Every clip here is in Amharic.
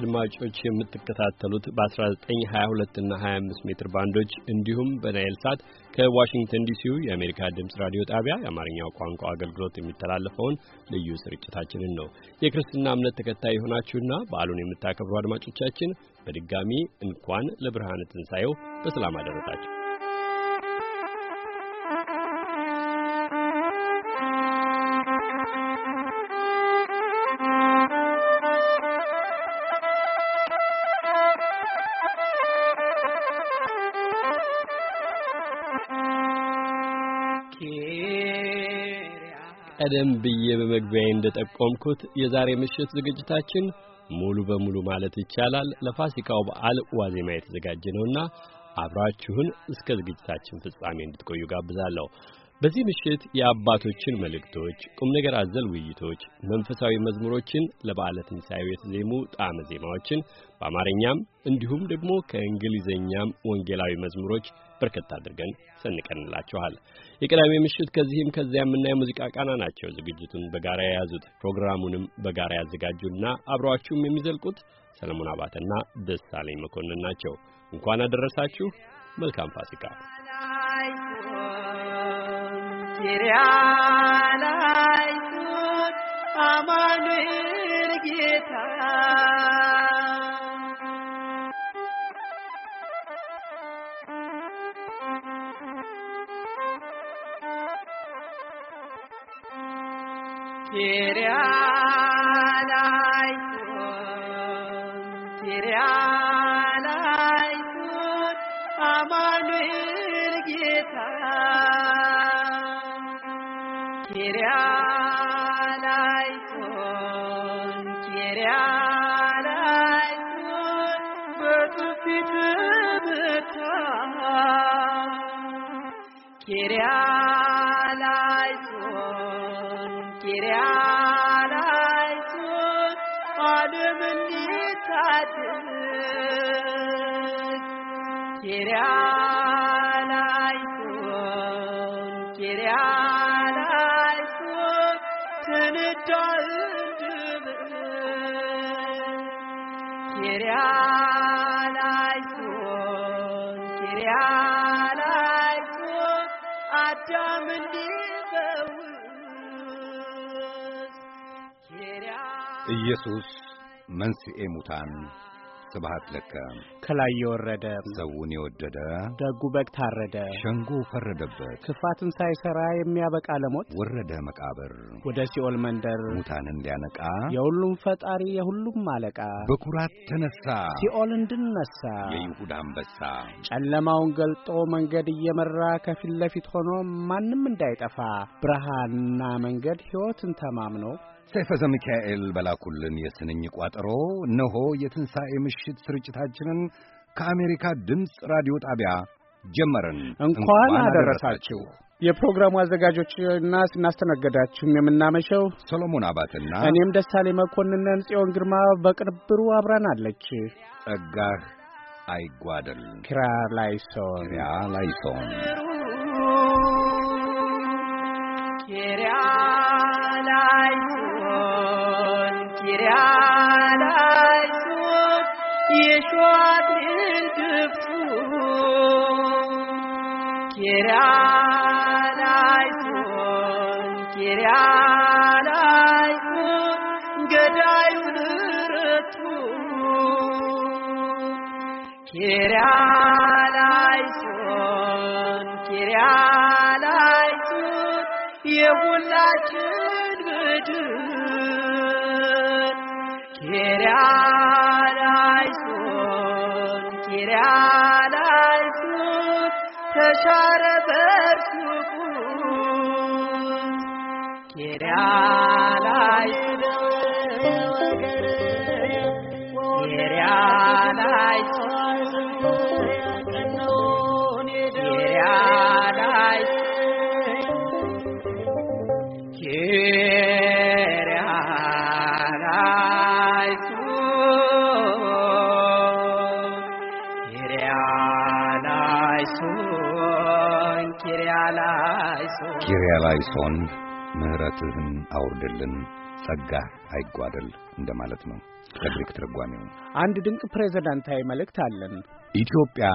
አድማጮች የምትከታተሉት በ1922 እና 25 ሜትር ባንዶች እንዲሁም በናይል ሳት ከዋሽንግተን ዲሲው የአሜሪካ ድምፅ ራዲዮ ጣቢያ የአማርኛው ቋንቋ አገልግሎት የሚተላለፈውን ልዩ ስርጭታችንን ነው። የክርስትና እምነት ተከታይ የሆናችሁና በዓሉን የምታከብሩ አድማጮቻችን በድጋሚ እንኳን ለብርሃነ ትንሣኤው በሰላም አደረሳችሁ። ቀደም ብዬ በመግቢያዬ እንደጠቆምኩት የዛሬ ምሽት ዝግጅታችን ሙሉ በሙሉ ማለት ይቻላል ለፋሲካው በዓል ዋዜማ የተዘጋጀ ነውና አብራችሁን እስከ ዝግጅታችን ፍጻሜ እንድትቆዩ ጋብዛለሁ። በዚህ ምሽት የአባቶችን መልእክቶች፣ ቁም ነገር አዘል ውይይቶች፣ መንፈሳዊ መዝሙሮችን፣ ለበዓለ ትንሣኤው የተዜሙ ጣዕመ ዜማዎችን በአማርኛም እንዲሁም ደግሞ ከእንግሊዘኛም ወንጌላዊ መዝሙሮች በርከት አድርገን ሰንቀንላችኋል። የቅዳሜ ምሽት ከዚህም ከዚያ የምናየ የሙዚቃ ቃና ናቸው ዝግጅቱን በጋራ የያዙት ፕሮግራሙንም በጋራ ያዘጋጁና አብረዋችሁም የሚዘልቁት ሰለሞን አባተና ደሳለኝ መኮንን ናቸው። እንኳን አደረሳችሁ። መልካም ፋሲካ። ኪሪያላይቱ አማኑኤል ጌታ Yeah. ዙሪያ ላይ ዓለም እንዲታደግ ዙሪያ ኢየሱስ መንስኤ ሙታን ስብሐት ለከ ከላይ የወረደ ሰውን የወደደ ደጉ በግ ታረደ ሸንጎ ፈረደበት ክፋትን ሳይሰራ የሚያበቃ ለሞት ወረደ መቃብር ወደ ሲኦል መንደር ሙታንን ሊያነቃ የሁሉም ፈጣሪ የሁሉም አለቃ በኩራት ተነሳ ሲኦል እንድነሳ የይሁዳ አንበሳ ጨለማውን ገልጦ መንገድ እየመራ ከፊት ለፊት ሆኖ ማንም እንዳይጠፋ ብርሃንና መንገድ ሕይወትን ተማምኖ ሰይፈ ዘሚካኤል በላኩልን የስንኝ ቋጠሮ እነሆ የትንሣኤ ምሽት ስርጭታችንን ከአሜሪካ ድምፅ ራዲዮ ጣቢያ ጀመርን። እንኳን አደረሳችሁ። የፕሮግራሙ አዘጋጆችና ስናስተናገዳችሁም የምናመሸው ሰሎሞን አባትና እኔም ደሳሌ መኮንነን። ጽዮን ግርማ በቅንብሩ አብራን አለች። ጸጋህ አይጓደል ኪራ ላይሶን ኪራ ላይሶን ኪሪያ ላይሶን ኪሪያ ላይሶን የሸዋት ልንድፍቱ ገዳዩን ረቱ ኪሪያ ላይሶን ለሁላችን ምድር ኪርያላይሶን ኪርያላይሶን ተሻረ በርሱ ኪርያላይሶን ኪርያላ ናይጄሪያ ላይ ሶን ምህረትህን አውርድልን ጸጋህ አይጓደል እንደማለት ነው። ከግሪክ ትርጓሜው አንድ ድንቅ ፕሬዝዳንታዊ መልእክት አለን። ኢትዮጵያ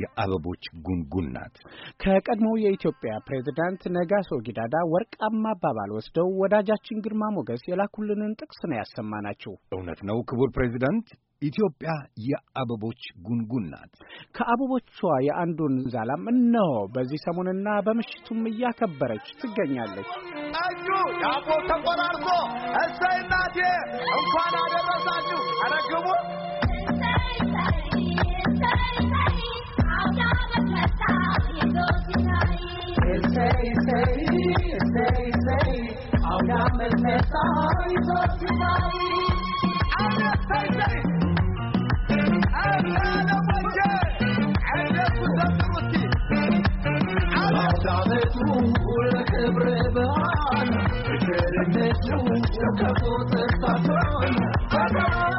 የአበቦች ጉንጉን ናት። ከቀድሞው የኢትዮጵያ ፕሬዝዳንት ነጋሶ ጊዳዳ ወርቃማ አባባል ወስደው ወዳጃችን ግርማ ሞገስ የላኩልንን ጥቅስ ነው ያሰማናችሁ። እውነት ነው ክቡር ፕሬዝዳንት፣ ኢትዮጵያ የአበቦች ጉንጉን ናት። ከአበቦቿ የአንዱን ዛላም እነሆ በዚህ ሰሞንና በምሽቱም እያከበረች ትገኛለች። እጁ ዳቦ ተቆራርሶ እሰይ እናቴ እንኳን አደረሳችሁ አረግቡ I'm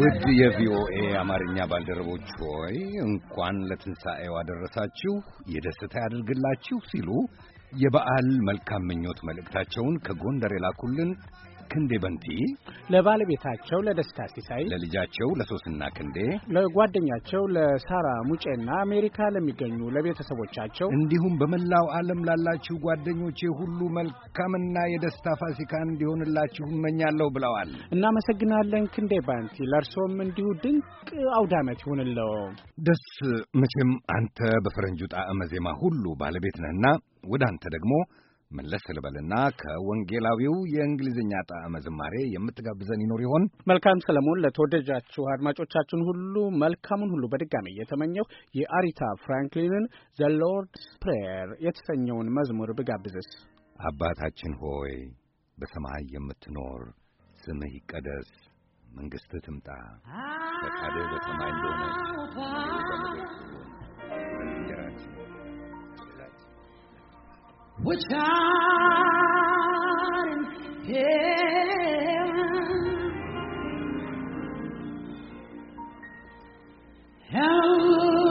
ውድ የቪኦኤ አማርኛ ባልደረቦች ሆይ እንኳን ለትንሣኤው አደረሳችሁ፣ የደስታ ያድርግላችሁ ሲሉ የበዓል መልካም ምኞት መልእክታቸውን ከጎንደር የላኩልን ክንዴ በንቲ፣ ለባለቤታቸው ለደስታ ሲሳይ፣ ለልጃቸው ለሶስና ክንዴ፣ ለጓደኛቸው ለሳራ ሙጬና አሜሪካ ለሚገኙ ለቤተሰቦቻቸው እንዲሁም በመላው ዓለም ላላችሁ ጓደኞቼ ሁሉ መልካምና የደስታ ፋሲካ እንዲሆንላችሁ እመኛለሁ ብለዋል። እናመሰግናለን ክንዴ ባንቲ። ለእርሶም እንዲሁ ድንቅ አውዳመት ይሁንለው። ደስ መቼም አንተ በፈረንጁ ጣዕመ ዜማ ሁሉ ባለቤት ነህና ወደ አንተ ደግሞ መለስ ልበልና ከወንጌላዊው የእንግሊዝኛ ጣዕመ ዝማሬ የምትጋብዘን ይኖር ይሆን? መልካም ሰለሞን፣ ለተወደጃችሁ አድማጮቻችን ሁሉ መልካሙን ሁሉ በድጋሚ እየተመኘሁ የአሪታ ፍራንክሊንን ዘ ሎርድስ ፕሬየር የተሰኘውን መዝሙር ብጋብዝስ? አባታችን ሆይ በሰማይ የምትኖር ስምህ ይቀደስ፣ መንግሥትህ ትምጣ፣ ፈቃድህ በሰማይ እንደሆነ which are in heaven. Hallelujah.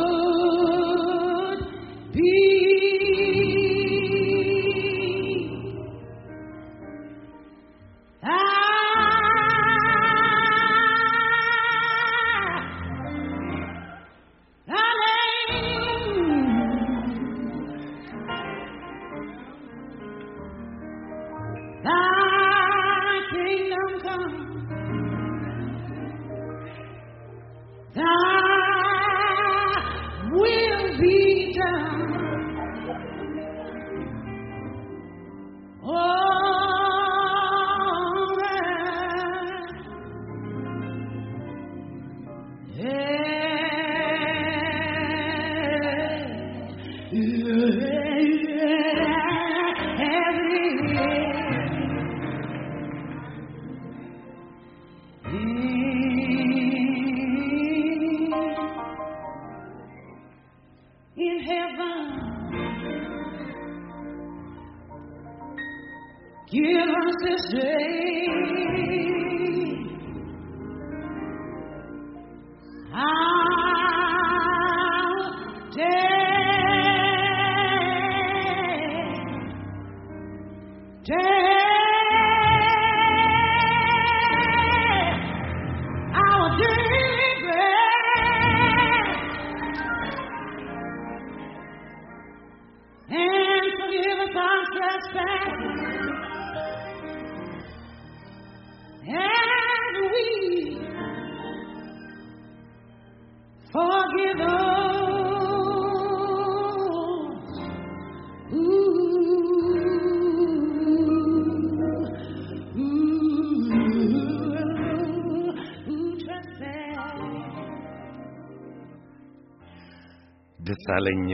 He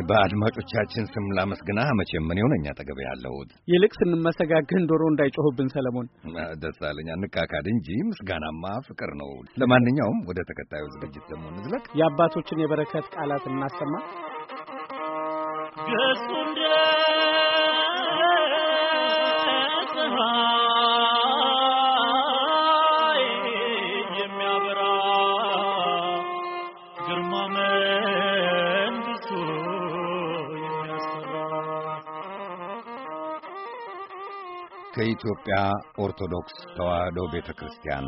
በአድማጮቻችን ስም ላመስግና። መቼም ምን ሆነኛ አጠገብ ያለሁት። ይልቅ ስንመሰጋገን ዶሮ እንዳይጮህብን ሰለሞን ደሳለኝ፣ አንካካድ እንጂ ምስጋናማ ፍቅር ነው። ለማንኛውም ወደ ተከታዩ ዝግጅት ደግሞ እንዝለቅ። የአባቶችን የበረከት ቃላት እናሰማ። ከኢትዮጵያ ኦርቶዶክስ ተዋሕዶ ቤተ ክርስቲያን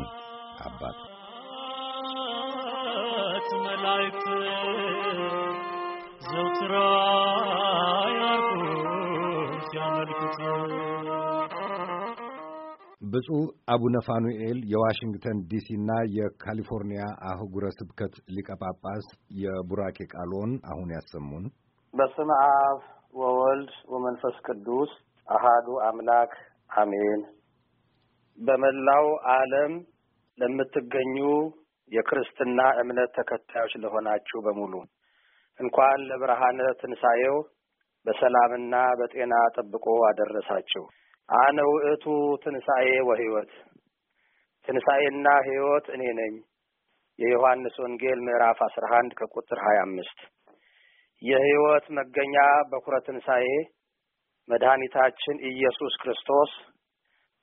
አባት መላእክት ዘውትራ ያርኩት ያመልኩት ብፁዕ አቡነ ፋኑኤል የዋሽንግተን ዲሲና የካሊፎርኒያ አህጉረ ስብከት ሊቀ ጳጳስ የቡራኬ ቃሎን አሁን ያሰሙን። በስም አብ ወወልድ ወመንፈስ ቅዱስ አሃዱ አምላክ አሜን። በመላው ዓለም ለምትገኙ የክርስትና እምነት ተከታዮች ለሆናችሁ በሙሉ እንኳን ለብርሃነ ትንሣኤው በሰላምና በጤና ጠብቆ አደረሳችሁ። አነ ውእቱ ትንሣኤ ወሕይወት፣ ትንሣኤና ሕይወት እኔ ነኝ። የዮሐንስ ወንጌል ምዕራፍ አስራ አንድ ከቁጥር ሀያ አምስት የሕይወት መገኛ በኩረ ትንሣኤ መድኃኒታችን ኢየሱስ ክርስቶስ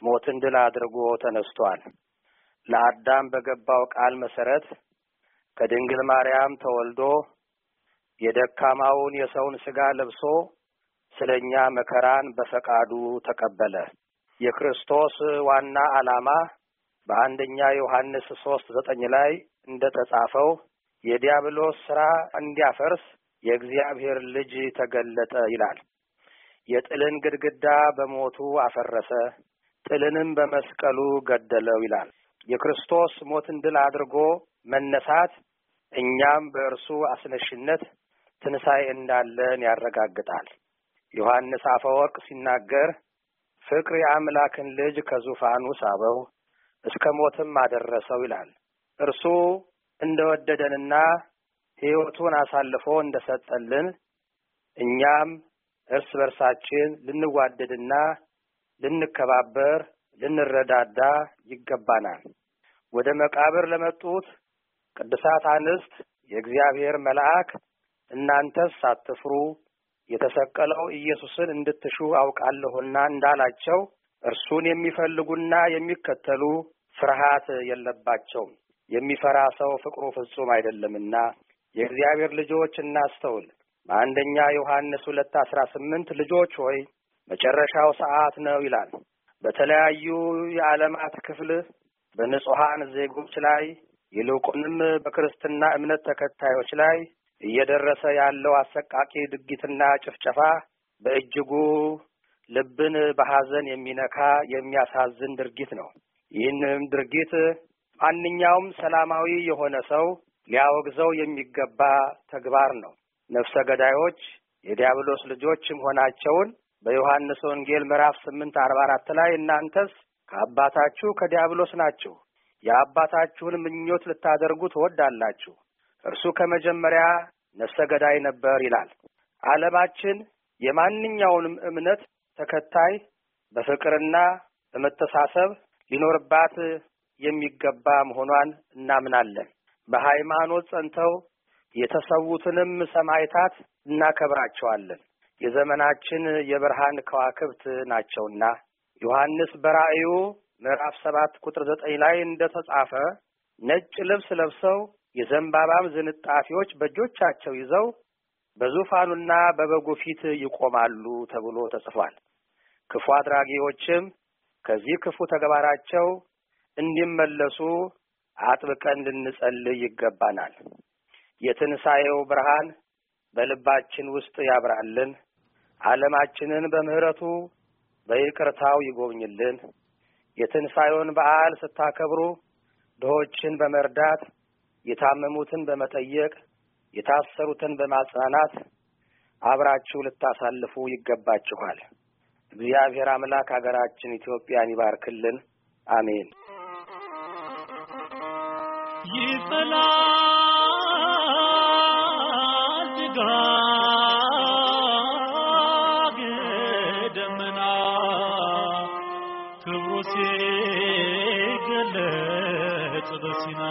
ሞትን ድል አድርጎ ተነስቷል። ለአዳም በገባው ቃል መሰረት ከድንግል ማርያም ተወልዶ የደካማውን የሰውን ሥጋ ለብሶ ስለ እኛ መከራን በፈቃዱ ተቀበለ። የክርስቶስ ዋና ዓላማ በአንደኛ ዮሐንስ ሶስት ዘጠኝ ላይ እንደ ተጻፈው የዲያብሎስ ሥራ እንዲያፈርስ የእግዚአብሔር ልጅ ተገለጠ ይላል። የጥልን ግድግዳ በሞቱ አፈረሰ፣ ጥልንም በመስቀሉ ገደለው ይላል። የክርስቶስ ሞትን ድል አድርጎ መነሳት እኛም በእርሱ አስነሽነት ትንሣኤ እንዳለን ያረጋግጣል። ዮሐንስ አፈወርቅ ሲናገር ፍቅር የአምላክን ልጅ ከዙፋኑ ሳበው እስከ ሞትም አደረሰው ይላል። እርሱ እንደ ወደደንና ሕይወቱን አሳልፎ እንደ ሰጠልን እኛም እርስ በርሳችን ልንዋደድና ልንከባበር፣ ልንረዳዳ ይገባናል። ወደ መቃብር ለመጡት ቅዱሳት አንስት የእግዚአብሔር መልአክ እናንተስ ሳትፍሩ የተሰቀለው ኢየሱስን እንድትሹ አውቃለሁና እንዳላቸው እርሱን የሚፈልጉና የሚከተሉ ፍርሃት የለባቸውም። የሚፈራ ሰው ፍቅሩ ፍጹም አይደለምና የእግዚአብሔር ልጆች እናስተውል። በአንደኛ ዮሐንስ ሁለት አስራ ስምንት ልጆች ሆይ መጨረሻው ሰዓት ነው ይላል። በተለያዩ የዓለማት ክፍል በንጹሐን ዜጎች ላይ ይልቁንም በክርስትና እምነት ተከታዮች ላይ እየደረሰ ያለው አሰቃቂ ድርጊትና ጭፍጨፋ በእጅጉ ልብን በሐዘን የሚነካ የሚያሳዝን ድርጊት ነው። ይህንም ድርጊት ማንኛውም ሰላማዊ የሆነ ሰው ሊያወግዘው የሚገባ ተግባር ነው። ነፍሰ ገዳዮች የዲያብሎስ ልጆች መሆናቸውን በዮሐንስ ወንጌል ምዕራፍ ስምንት አርባ አራት ላይ እናንተስ ከአባታችሁ ከዲያብሎስ ናችሁ፣ የአባታችሁን ምኞት ልታደርጉ ትወዳላችሁ፣ እርሱ ከመጀመሪያ ነፍሰ ገዳይ ነበር ይላል። ዓለማችን የማንኛውንም እምነት ተከታይ በፍቅርና በመተሳሰብ ሊኖርባት የሚገባ መሆኗን እናምናለን። በሃይማኖት ጸንተው የተሰዉትንም ሰማይታት እናከብራቸዋለን። የዘመናችን የብርሃን ከዋክብት ናቸውና ዮሐንስ በራእዩ ምዕራፍ ሰባት ቁጥር ዘጠኝ ላይ እንደ ተጻፈ ነጭ ልብስ ለብሰው የዘንባባም ዝንጣፊዎች በእጆቻቸው ይዘው በዙፋኑና በበጉ ፊት ይቆማሉ ተብሎ ተጽፏል። ክፉ አድራጊዎችም ከዚህ ክፉ ተግባራቸው እንዲመለሱ አጥብቀን ልንጸልይ ይገባናል። የትንሣኤው ብርሃን በልባችን ውስጥ ያብራልን። ዓለማችንን በምህረቱ በይቅርታው ይጎብኝልን። የትንሣኤውን በዓል ስታከብሩ ድሆችን በመርዳት የታመሙትን በመጠየቅ የታሰሩትን በማጽናናት አብራችሁ ልታሳልፉ ይገባችኋል። እግዚአብሔር አምላክ ሀገራችን ኢትዮጵያን ይባርክልን። አሜን። ደመና ክብሩ ሲገለጽ በሲና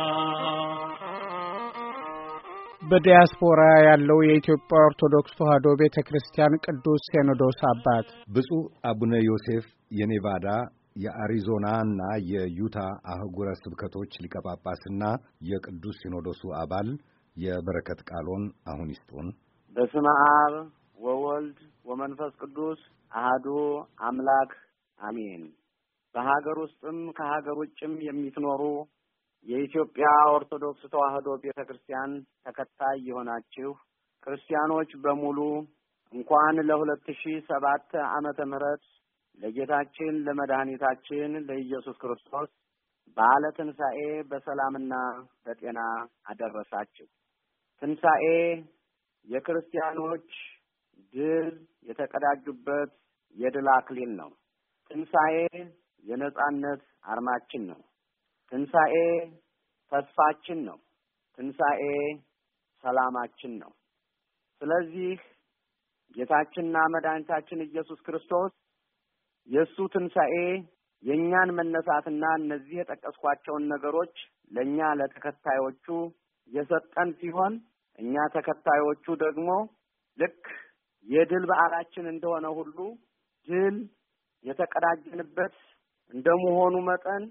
በዲያስፖራ ያለው የኢትዮጵያ ኦርቶዶክስ ተዋሕዶ ቤተ ክርስቲያን ቅዱስ ሲኖዶስ አባት ብፁዕ አቡነ ዮሴፍ የኔቫዳ እና የዩታ አህጉረ ስብከቶች ሊቀ ጳጳስና የቅዱስ ሲኖዶሱ አባል የበረከት ቃሎን አሁን ይስጡን። በስመ አብ ወወልድ ወመንፈስ ቅዱስ አህዱ አምላክ አሜን። በሀገር ውስጥም ከሀገር ውጭም የምትኖሩ የኢትዮጵያ ኦርቶዶክስ ተዋሕዶ ቤተ ክርስቲያን ተከታይ የሆናችሁ ክርስቲያኖች በሙሉ እንኳን ለሁለት ሺ ሰባት ዓመተ ምህረት ለጌታችን ለመድኃኒታችን ለኢየሱስ ክርስቶስ በዓለ ትንሣኤ በሰላምና በጤና አደረሳችሁ። ትንሣኤ የክርስቲያኖች ድል የተቀዳጁበት የድል አክሊል ነው። ትንሣኤ የነጻነት አርማችን ነው። ትንሣኤ ተስፋችን ነው። ትንሣኤ ሰላማችን ነው። ስለዚህ ጌታችንና መድኃኒታችን ኢየሱስ ክርስቶስ የእሱ ትንሣኤ የእኛን መነሳትና እነዚህ የጠቀስኳቸውን ነገሮች ለእኛ ለተከታዮቹ የሰጠን ሲሆን እኛ ተከታዮቹ ደግሞ ልክ የድል በዓላችን እንደሆነ ሁሉ ድል የተቀዳጀንበት እንደመሆኑ መጠን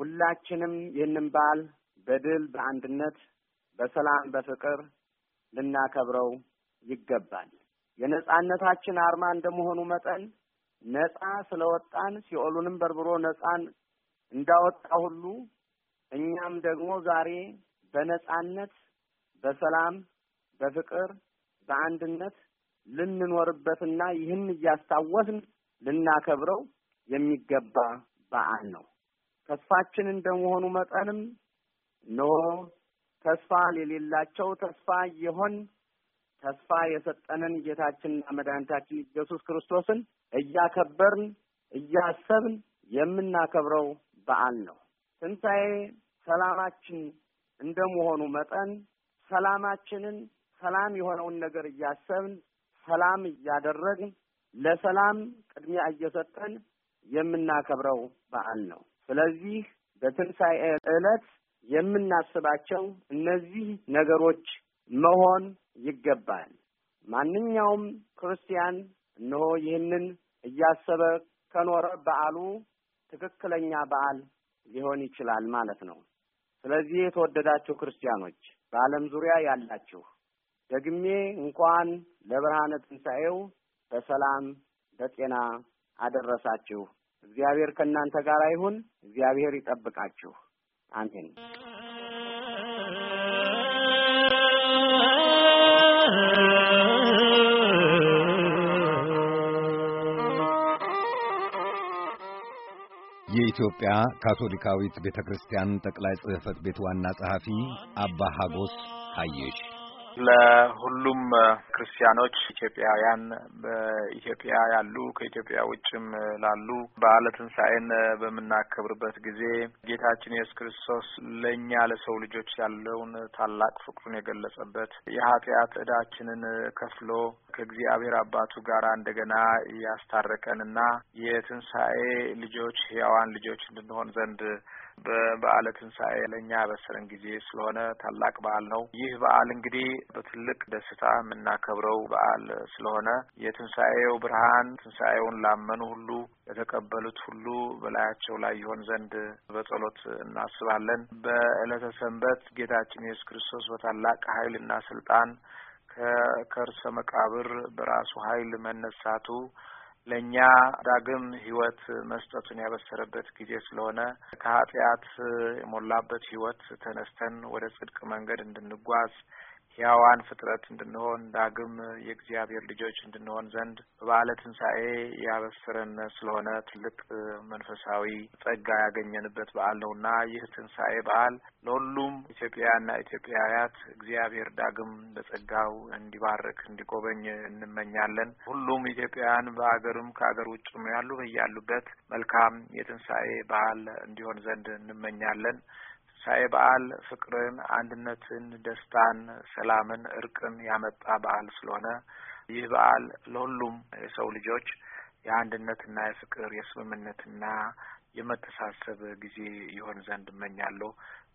ሁላችንም ይህንን በዓል በድል በአንድነት፣ በሰላም፣ በፍቅር ልናከብረው ይገባል። የነጻነታችን አርማ እንደመሆኑ መጠን ነጻ ስለወጣን ሲኦሉንም በርብሮ ነጻን እንዳወጣ ሁሉ እኛም ደግሞ ዛሬ በነጻነት በሰላም በፍቅር በአንድነት ልንኖርበትና ይህን እያስታወስን ልናከብረው የሚገባ በዓል ነው። ተስፋችን እንደመሆኑ መጠንም እነሆ ተስፋ የሌላቸው ተስፋ የሆን ተስፋ የሰጠንን ጌታችንና መድኃኒታችን ኢየሱስ ክርስቶስን እያከበርን እያሰብን የምናከብረው በዓል ነው። ትንሣኤ ሰላማችን እንደመሆኑ መጠን ሰላማችንን ሰላም የሆነውን ነገር እያሰብን ሰላም እያደረግን ለሰላም ቅድሚያ እየሰጠን የምናከብረው በዓል ነው። ስለዚህ በትንሣኤ ዕለት የምናስባቸው እነዚህ ነገሮች መሆን ይገባል። ማንኛውም ክርስቲያን እነሆ ይህንን እያሰበ ከኖረ በዓሉ ትክክለኛ በዓል ሊሆን ይችላል ማለት ነው። ስለዚህ የተወደዳችሁ ክርስቲያኖች በዓለም ዙሪያ ያላችሁ ደግሜ እንኳን ለብርሃነ ትንሣኤው በሰላም በጤና አደረሳችሁ። እግዚአብሔር ከእናንተ ጋር ይሁን። እግዚአብሔር ይጠብቃችሁ። አሜን። የኢትዮጵያ ካቶሊካዊት ቤተ ክርስቲያን ጠቅላይ ጽሕፈት ቤት ዋና ጸሐፊ አባ ሀጎስ ሀየሽ ለሁሉም ክርስቲያኖች ኢትዮጵያውያን በኢትዮጵያ ያሉ ከኢትዮጵያ ውጭም ላሉ በዓለ ትንሣኤን በምናከብርበት ጊዜ ጌታችን ኢየሱስ ክርስቶስ ለእኛ ለሰው ልጆች ያለውን ታላቅ ፍቅሩን የገለጸበት የኃጢአት ዕዳችንን ከፍሎ ከእግዚአብሔር አባቱ ጋር እንደገና ያስታረቀንና የትንሣኤ ልጆች ሕያዋን ልጆች እንድንሆን ዘንድ በበዓለ ትንሣኤ ለእኛ በሰረን ጊዜ ስለሆነ ታላቅ በዓል ነው። ይህ በዓል እንግዲህ በትልቅ ደስታ የምናከብረው በዓል ስለሆነ የትንሣኤው ብርሃን ትንሣኤውን ላመኑ ሁሉ የተቀበሉት ሁሉ በላያቸው ላይ ይሆን ዘንድ በጸሎት እናስባለን። በዕለተ ሰንበት ጌታችን ኢየሱስ ክርስቶስ በታላቅ ኃይልና ስልጣን ከከርሰ መቃብር በራሱ ኃይል መነሳቱ ለእኛ ዳግም ሕይወት መስጠቱን ያበሰረበት ጊዜ ስለሆነ ከኃጢአት የሞላበት ሕይወት ተነስተን ወደ ጽድቅ መንገድ እንድንጓዝ ሕያዋን ፍጥረት እንድንሆን ዳግም የእግዚአብሔር ልጆች እንድንሆን ዘንድ በበዓለ ትንሣኤ ያበሰረን ስለሆነ ትልቅ መንፈሳዊ ጸጋ ያገኘንበት በዓል ነውና ይህ ትንሣኤ በዓል ለሁሉም ኢትዮጵያውያንና ኢትዮጵያውያት እግዚአብሔር ዳግም በጸጋው እንዲባርክ እንዲጎበኝ እንመኛለን። ሁሉም ኢትዮጵያውያን በአገርም ከአገር ውጭም ያሉ ያሉበት መልካም የትንሣኤ በዓል እንዲሆን ዘንድ እንመኛለን። ትንሣኤ በዓል ፍቅርን፣ አንድነትን፣ ደስታን፣ ሰላምን፣ እርቅን ያመጣ በዓል ስለሆነ ይህ በዓል ለሁሉም የሰው ልጆች የአንድነትና የፍቅር የስምምነትና የመተሳሰብ ጊዜ ይሆን ዘንድ እመኛለሁ።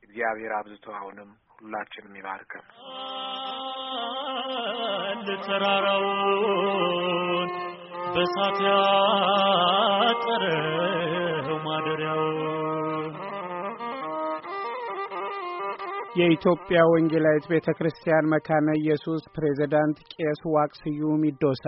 እግዚአብሔር አብዝቶ አሁንም ሁላችንም ይባርከን። አንድ ተራራውን በሳት ያጠረው ማደሪያው የኢትዮጵያ ወንጌላዊት ቤተ ክርስቲያን መካነ ኢየሱስ ፕሬዚዳንት ቄስ ዋቅስዩም ይዶሳ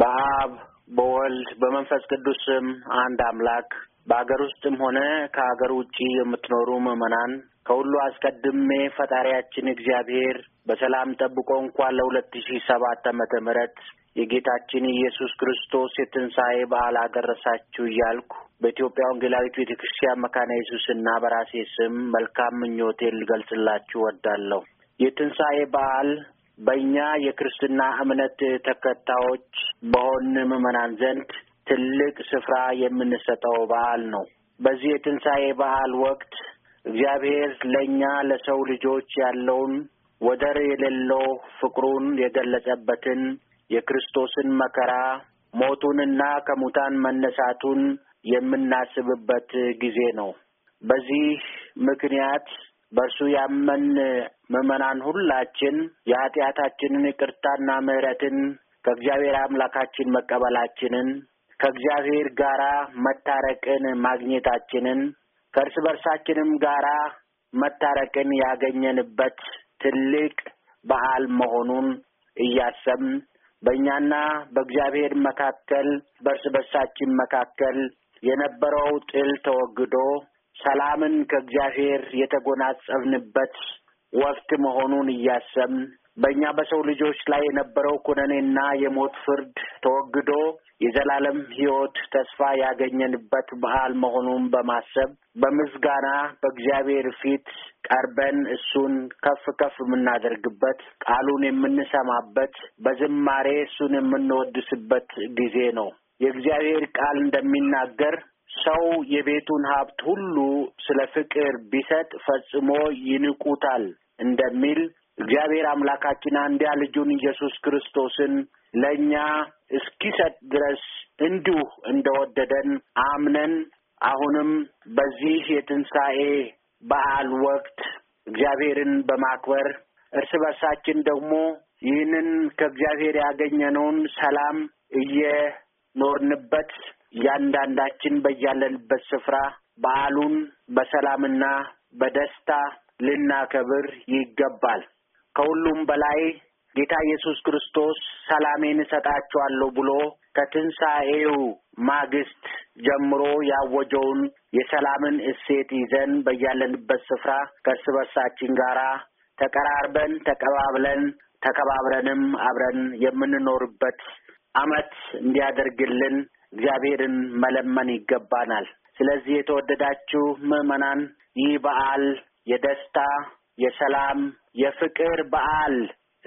በአብ በወልድ በመንፈስ ቅዱስ ስም አንድ አምላክ በአገር ውስጥም ሆነ ከሀገር ውጪ የምትኖሩ ምዕመናን ከሁሉ አስቀድሜ ፈጣሪያችን እግዚአብሔር በሰላም ጠብቆ እንኳን ለሁለት ሺ ሰባት ዓመተ ምህረት የጌታችን ኢየሱስ ክርስቶስ የትንሣኤ በዓል አደረሳችሁ እያልኩ በኢትዮጵያ ወንጌላዊት ቤተ ክርስቲያን መካነ ኢየሱስና በራሴ ስም መልካም ምኞቴን ልገልጽላችሁ ወዳለሁ። የትንሣኤ በዓል በእኛ የክርስትና እምነት ተከታዮች በሆን ምዕመናን ዘንድ ትልቅ ስፍራ የምንሰጠው በዓል ነው። በዚህ የትንሣኤ በዓል ወቅት እግዚአብሔር ለእኛ ለሰው ልጆች ያለውን ወደር የሌለው ፍቅሩን የገለጸበትን የክርስቶስን መከራ ሞቱንና ከሙታን መነሳቱን የምናስብበት ጊዜ ነው። በዚህ ምክንያት በእርሱ ያመን ምዕመናን ሁላችን የኃጢአታችንን ይቅርታና ምሕረትን ከእግዚአብሔር አምላካችን መቀበላችንን ከእግዚአብሔር ጋራ መታረቅን ማግኘታችንን ከእርስ በርሳችንም ጋራ መታረቅን ያገኘንበት ትልቅ በዓል መሆኑን እያሰብን በእኛና በእግዚአብሔር መካከል በእርስ በርሳችን መካከል የነበረው ጥል ተወግዶ ሰላምን ከእግዚአብሔር የተጎናጸብንበት ወቅት መሆኑን እያሰብን በእኛ በሰው ልጆች ላይ የነበረው ኩነኔና የሞት ፍርድ ተወግዶ የዘላለም ሕይወት ተስፋ ያገኘንበት በዓል መሆኑን በማሰብ በምስጋና በእግዚአብሔር ፊት ቀርበን እሱን ከፍ ከፍ የምናደርግበት ቃሉን የምንሰማበት፣ በዝማሬ እሱን የምንወድስበት ጊዜ ነው። የእግዚአብሔር ቃል እንደሚናገር ሰው የቤቱን ሀብት ሁሉ ስለ ፍቅር ቢሰጥ ፈጽሞ ይንቁታል እንደሚል እግዚአብሔር አምላካችን አንድያ ልጁን ኢየሱስ ክርስቶስን ለእኛ እስኪሰጥ ድረስ እንዲሁ እንደወደደን አምነን አሁንም በዚህ የትንሣኤ በዓል ወቅት እግዚአብሔርን በማክበር እርስ በርሳችን ደግሞ ይህንን ከእግዚአብሔር ያገኘነውን ሰላም እየ ኖርንበት እያንዳንዳችን በያለንበት ስፍራ በዓሉን በሰላምና በደስታ ልናከብር ይገባል። ከሁሉም በላይ ጌታ ኢየሱስ ክርስቶስ ሰላሜን እሰጣችኋለሁ ብሎ ከትንሣኤው ማግስት ጀምሮ ያወጀውን የሰላምን እሴት ይዘን በያለንበት ስፍራ ከእርስ በርሳችን ጋር ተቀራርበን ተቀባብለን ተከባብረንም አብረን የምንኖርበት አመት እንዲያደርግልን እግዚአብሔርን መለመን ይገባናል። ስለዚህ የተወደዳችሁ ምዕመናን ይህ በዓል የደስታ፣ የሰላም፣ የፍቅር በዓል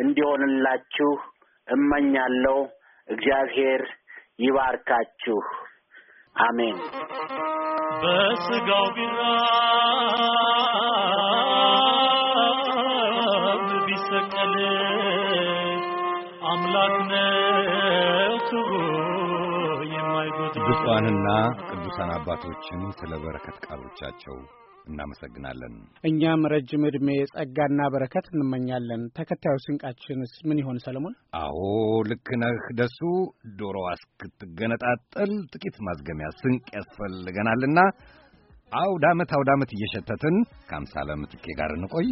እንዲሆንላችሁ እመኛለሁ። እግዚአብሔር ይባርካችሁ። አሜን። በስጋው ቢራብ ቢሰቀል አምላክ ነው ብፁዓንና ቅዱሳን አባቶችን ስለ በረከት ቃሎቻቸው እናመሰግናለን። እኛም ረጅም ዕድሜ ጸጋና በረከት እንመኛለን። ተከታዩ ስንቃችንስ ምን ይሆን ሰለሞን? አዎ ልክ ነህ ደሱ። ዶሮዋ እስክትገነጣጠል ጥቂት ማዝገሚያ ስንቅ ያስፈልገናልና አውድ ዓመት አውድ ዓመት እየሸተትን ከአምሳለ ምትኬ ጋር እንቆይ።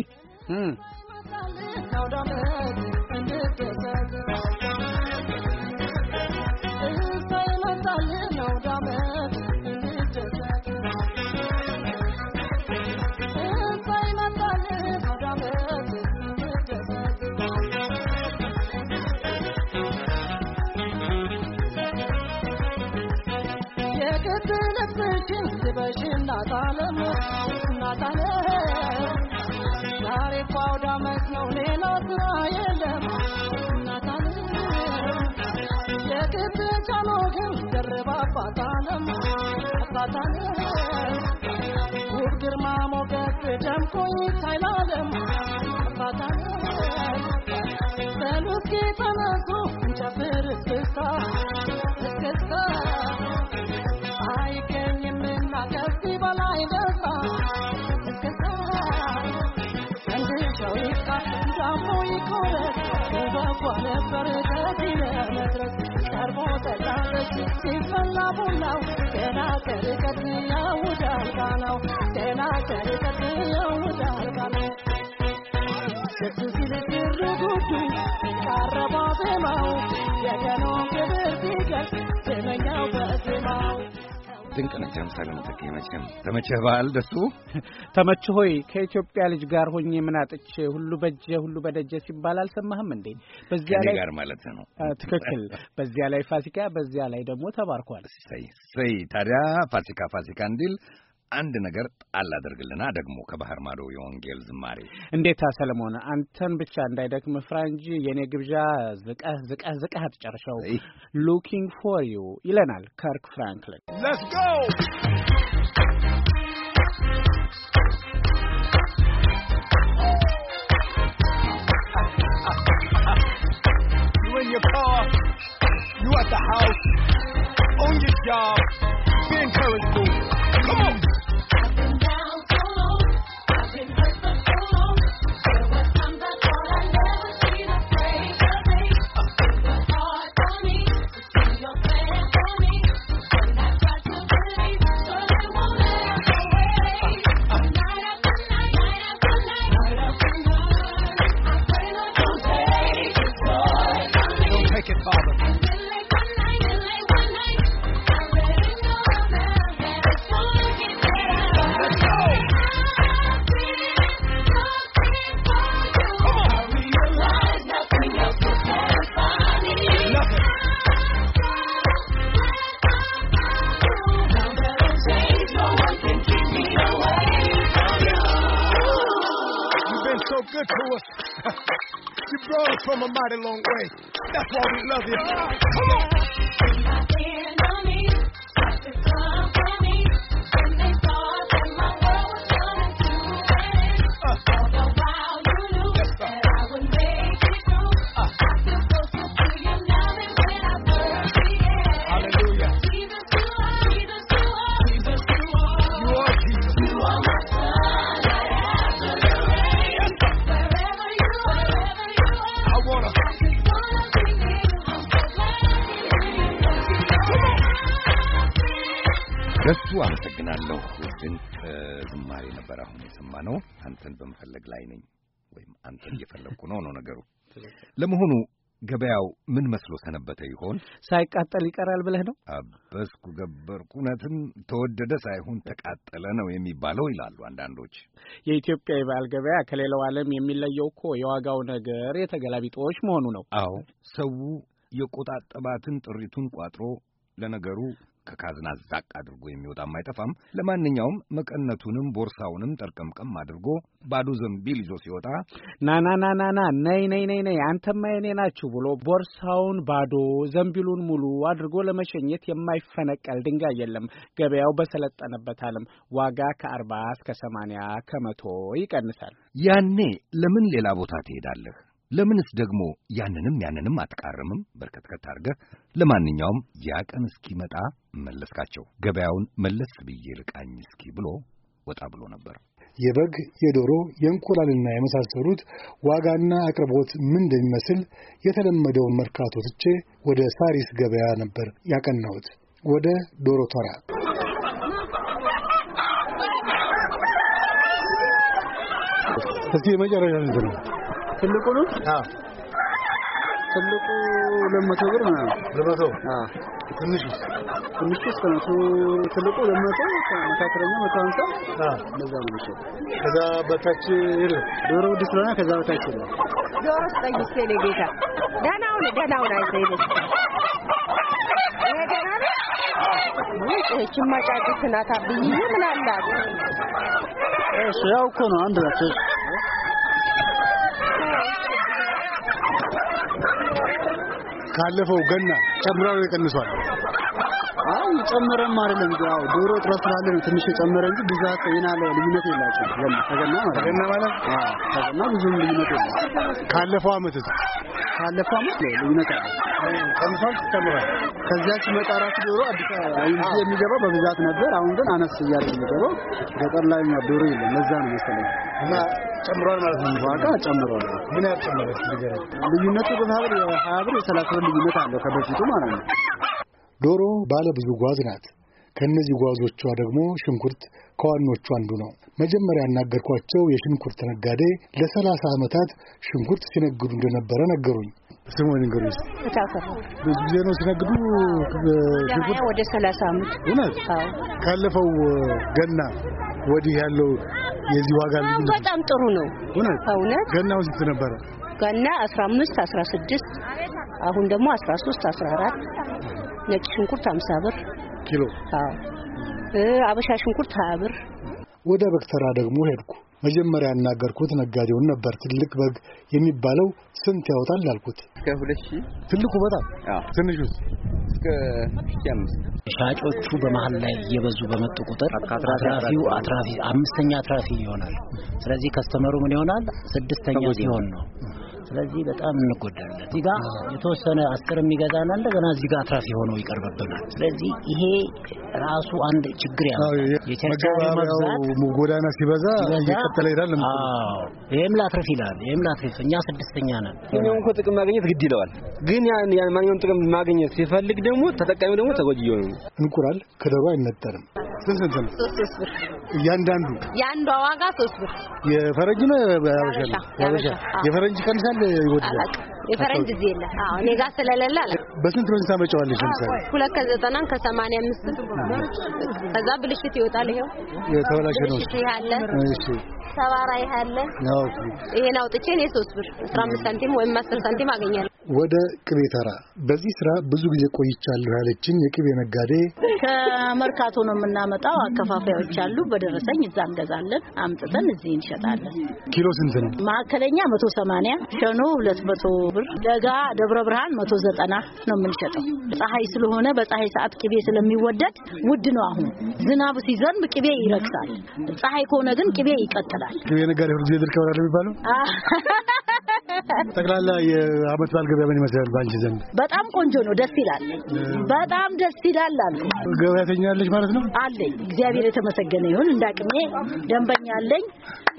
ዓለም አሳታሚ ውብ ግርማ ሞገስ ደምቆ ይታያል ዓለም አሳታሚ በሉ እስኪ ተነሱ እንጨፍር እስክስታ እስክስታ ነበር ቀርቦ ተጣለች ሲፈላ ቡናው ገና ከርቀት ያውዳል ነው። ገና ከርቀት ያውዳል ቃናው ድንቅ ነች። አምሳለ መጠቀ መቼም ተመቸህ በዓል ደሱ ተመች ሆይ ከኢትዮጵያ ልጅ ጋር ሆኜ ምን አጥቼ ሁሉ በጀ ሁሉ በደጀ ሲባል አልሰማህም እንዴ? በዚያ ላይ ጋር ማለት ነው። ትክክል። በዚያ ላይ ፋሲካ፣ በዚያ ላይ ደግሞ ተባርኳል። ሰይ ታዲያ ፋሲካ ፋሲካ እንዲል አንድ ነገር ጣል አድርግልና ደግሞ ከባህር ማዶ የወንጌል ዝማሬ እንዴታ ሰለሞን፣ አንተን ብቻ እንዳይደክም ፍራ እንጂ የእኔ ግብዣ ዝቀህ ዝቀህ ዝቀህ አትጨርሸው። ሉኪንግ ፎር ዩ ይለናል ከርክ ፍራንክሊን። ሌትስ ጎ your car, you at the house, on your job, be encouraged, boo. good to us. you brought us from a mighty long way. That's why we love you. Come on. አመሰግናለሁ። ግን ዝማሬ ነበር አሁን የሰማነው። አንተን በመፈለግ ላይ ነኝ ወይም አንተን እየፈለግኩ ነው ነው ነገሩ። ለመሆኑ ገበያው ምን መስሎ ሰነበተ ይሆን? ሳይቃጠል ይቀራል ብለህ ነው? አበስኩ ገበርኩ። እውነትም ተወደደ ሳይሆን ተቃጠለ ነው የሚባለው ይላሉ አንዳንዶች። የኢትዮጵያ የበዓል ገበያ ከሌላው ዓለም የሚለየው እኮ የዋጋው ነገር የተገላቢጦሽ መሆኑ ነው። አዎ ሰው የቆጣጠባትን ጥሪቱን ቋጥሮ ለነገሩ ከካዝና ዛቅ አድርጎ የሚወጣም አይጠፋም። ለማንኛውም መቀነቱንም ቦርሳውንም ጠርቀምቀም አድርጎ ባዶ ዘንቢል ይዞ ሲወጣ ናናናናና ነይ ነይ ነይ ነይ አንተማ የኔ ናችሁ ብሎ ቦርሳውን ባዶ ዘንቢሉን ሙሉ አድርጎ ለመሸኘት የማይፈነቀል ድንጋይ የለም። ገበያው በሰለጠነበት ዓለም ዋጋ ከአርባ እስከ ሰማንያ ከመቶ ይቀንሳል። ያኔ ለምን ሌላ ቦታ ትሄዳለህ? ለምንስ ደግሞ ያንንም ያንንም አትቃርምም? በርከት አድርገህ። ለማንኛውም ያ ቀን እስኪመጣ መለስካቸው ገበያውን መለስ ብዬ ልቃኝ እስኪ ብሎ ወጣ ብሎ ነበር። የበግ የዶሮ የእንቁላልና የመሳሰሉት ዋጋና አቅርቦት ምን እንደሚመስል የተለመደውን መርካቶ ትቼ ወደ ሳሪስ ገበያ ነበር ያቀናሁት። ወደ ዶሮ ተራ እስቲ የመጨረሻ ነው ትልቁ ነው። አዎ ትልቁ ለመቶ ብር ነው። አዎ። ትንሹ ትንሹ እስከ መቶ ትልቁ ለመቶ መካከለኛ መቶ ሀምሳ አዎ። ነው ከዛ በታች የለም። ዶሮ ውድ ስለሆነ ከዛ በታች ዶሮ ስጠይቄ ነው ጌታ። ደህና ሁን፣ ደህና ሁን። አይተህ ይበስ ምን አላት? እሺ ያው እኮ ነው አንድ ናቸው። ካለፈው ገና ጨምራው ይቀንሷል። አው ጨመረም አይደለም ያው ዶሮ ጥረት ስላለ ነው ትንሽ የጨመረ እንጂ ብዛት ይና ልዩነት የላቸው ገና ተገና ማለት ገና ማለት ተገና ብዙም ልዩነት የለም። ካለፈው አመት ካለፈው አመት ነው ልዩነት አለ። ቀንሷል፣ ጨምሯል። ከዚያች መጣራት ዶሮ አዲስ አበባ የሚገባ በብዛት ነበር። አሁን ግን አነስ እያለ የሚገባው ገጠር ላይ ዶሮ የለም። ለዛ ነው መሰለኝ እና ጨምሯል ማለት ነው። ዋጋ ጨምሯል። ምን ያህል ጨምሯል? ልዩነቱ በማህበር ሀያ ብር የሰላሳ ብር ልዩነት አለው ከበፊቱ ማለት ነው። ዶሮ ባለ ብዙ ጓዝ ናት። ከእነዚህ ጓዞቿ ደግሞ ሽንኩርት ከዋናዎቹ አንዱ ነው። መጀመሪያ ያናገርኳቸው የሽንኩርት ነጋዴ ለሰላሳ ዓመታት ሽንኩርት ሲነግዱ እንደነበረ ነገሩኝ። ስሙ ንገሩ። ብዙ ጊዜ ነው ሲነግዱ ወደ ሰላሳ ዓመት እውነት ካለፈው ገና ወዲህ ያለው የዚህ ዋጋ በጣም ጥሩ ነው። እውነት ገናው ስንት ነበረ? ገና 15 16 አሁን ደግሞ 13 14 ነጭ ሽንኩርት 50 ብር ኪሎ። አዎ አበሻ ሽንኩርት 20 ብር። ወደ በክተራ ደግሞ ሄድኩ። መጀመሪያ ያናገርኩት ነጋዴውን ነበር። ትልቅ በግ የሚባለው ስንት ያወጣል አልኩት። እስከ ሁለት ትልቁ በጣም ትንሹ እስከ ሻጮቹ በመሀል ላይ እየበዙ በመጡ ቁጥር አትራፊው አትራፊ አምስተኛ አትራፊ ይሆናል። ስለዚህ ከስተመሩ ምን ይሆናል? ስድስተኛ ሲሆን ነው ስለዚህ በጣም እንጎዳለን። እዚህ ጋር የተወሰነ አስር የሚገዛና እንደገና እዚህ ጋር አትራፊ ሆነው ይቀርብብናል። ስለዚህ ይሄ ራሱ አንድ ችግር ያለው ጎዳና ሲበዛ እየቀጠለ ይላል። ይህም ላትረፍ ይላል፣ ይህም ላትረፍ እኛ ስድስተኛ ነን። ማንኛውም እኮ ጥቅም ማግኘት ግድ ይለዋል። ግን ማንኛውም ጥቅም ማግኘት ሲፈልግ ደግሞ ተጠቃሚ ደግሞ ተጎጅ ነው። እንቁራል ከደሩ አይነጠርም። ስንት ስንት ነው? ሶስት ብር እያንዳንዱ። የአንዷ ዋጋ ሶስት ብር። የፈረንጅ ነው ነው? የፈረንጅ ቀንሳል የፈረንጅ እዚህ የለ። አዎ እኔ ጋር ስለሌለ አለ። በስንት በስንት ታመጫዋለሽ? ለምሳሌ ሁለት ከሰማንያ አምስት ከዛ ብልሽት ይወጣል። ይሄው የተበላሸ ነው። እሺ ያለ እሺ ሰባራ ይሄ አለ። ይሄን አውጥቼ እኔ ሶስት ብር አምስት ሳንቲም ወይም አስር ሳንቲም አገኛለሁ። ወደ ቅቤ ተራ በዚህ ስራ ብዙ ጊዜ ቆይቻለሁ ያለችኝ የቅቤ ነጋዴ ከመርካቶ ነው የምናመጣው። አከፋፋዮች አሉ። በደረሰኝ እዛ እንገዛለን፣ አምጥተን እዚህ እንሸጣለን። ኪሎ ስንት ነው? ማዕከለኛ መቶ ሰማንያ ሸኖ ሁለት መቶ ብር፣ ደጋ ደብረ ብርሃን መቶ ዘጠና ነው የምንሸጠው። ፀሐይ ስለሆነ በፀሐይ ሰዓት ቅቤ ስለሚወደድ ውድ ነው። አሁን ዝናብ ሲዘንብ ቅቤ ይረክሳል። ፀሐይ ከሆነ ግን ቅቤ ይቀጥላል። ቅቤ ነጋዴ ሁሉ ጊዜ ድርቅ የሚባለው ጠቅላላ የአመት ባል ገበያ ምን ይመስላል በአንቺ ዘንድ? በጣም ቆንጆ ነው፣ ደስ ይላል። በጣም ደስ ይላል አሉ። ገበያተኛ አለሽ ማለት ነው? አለኝ። እግዚአብሔር የተመሰገነ ይሁን። እንዳቅሜ ደንበኛ አለኝ፣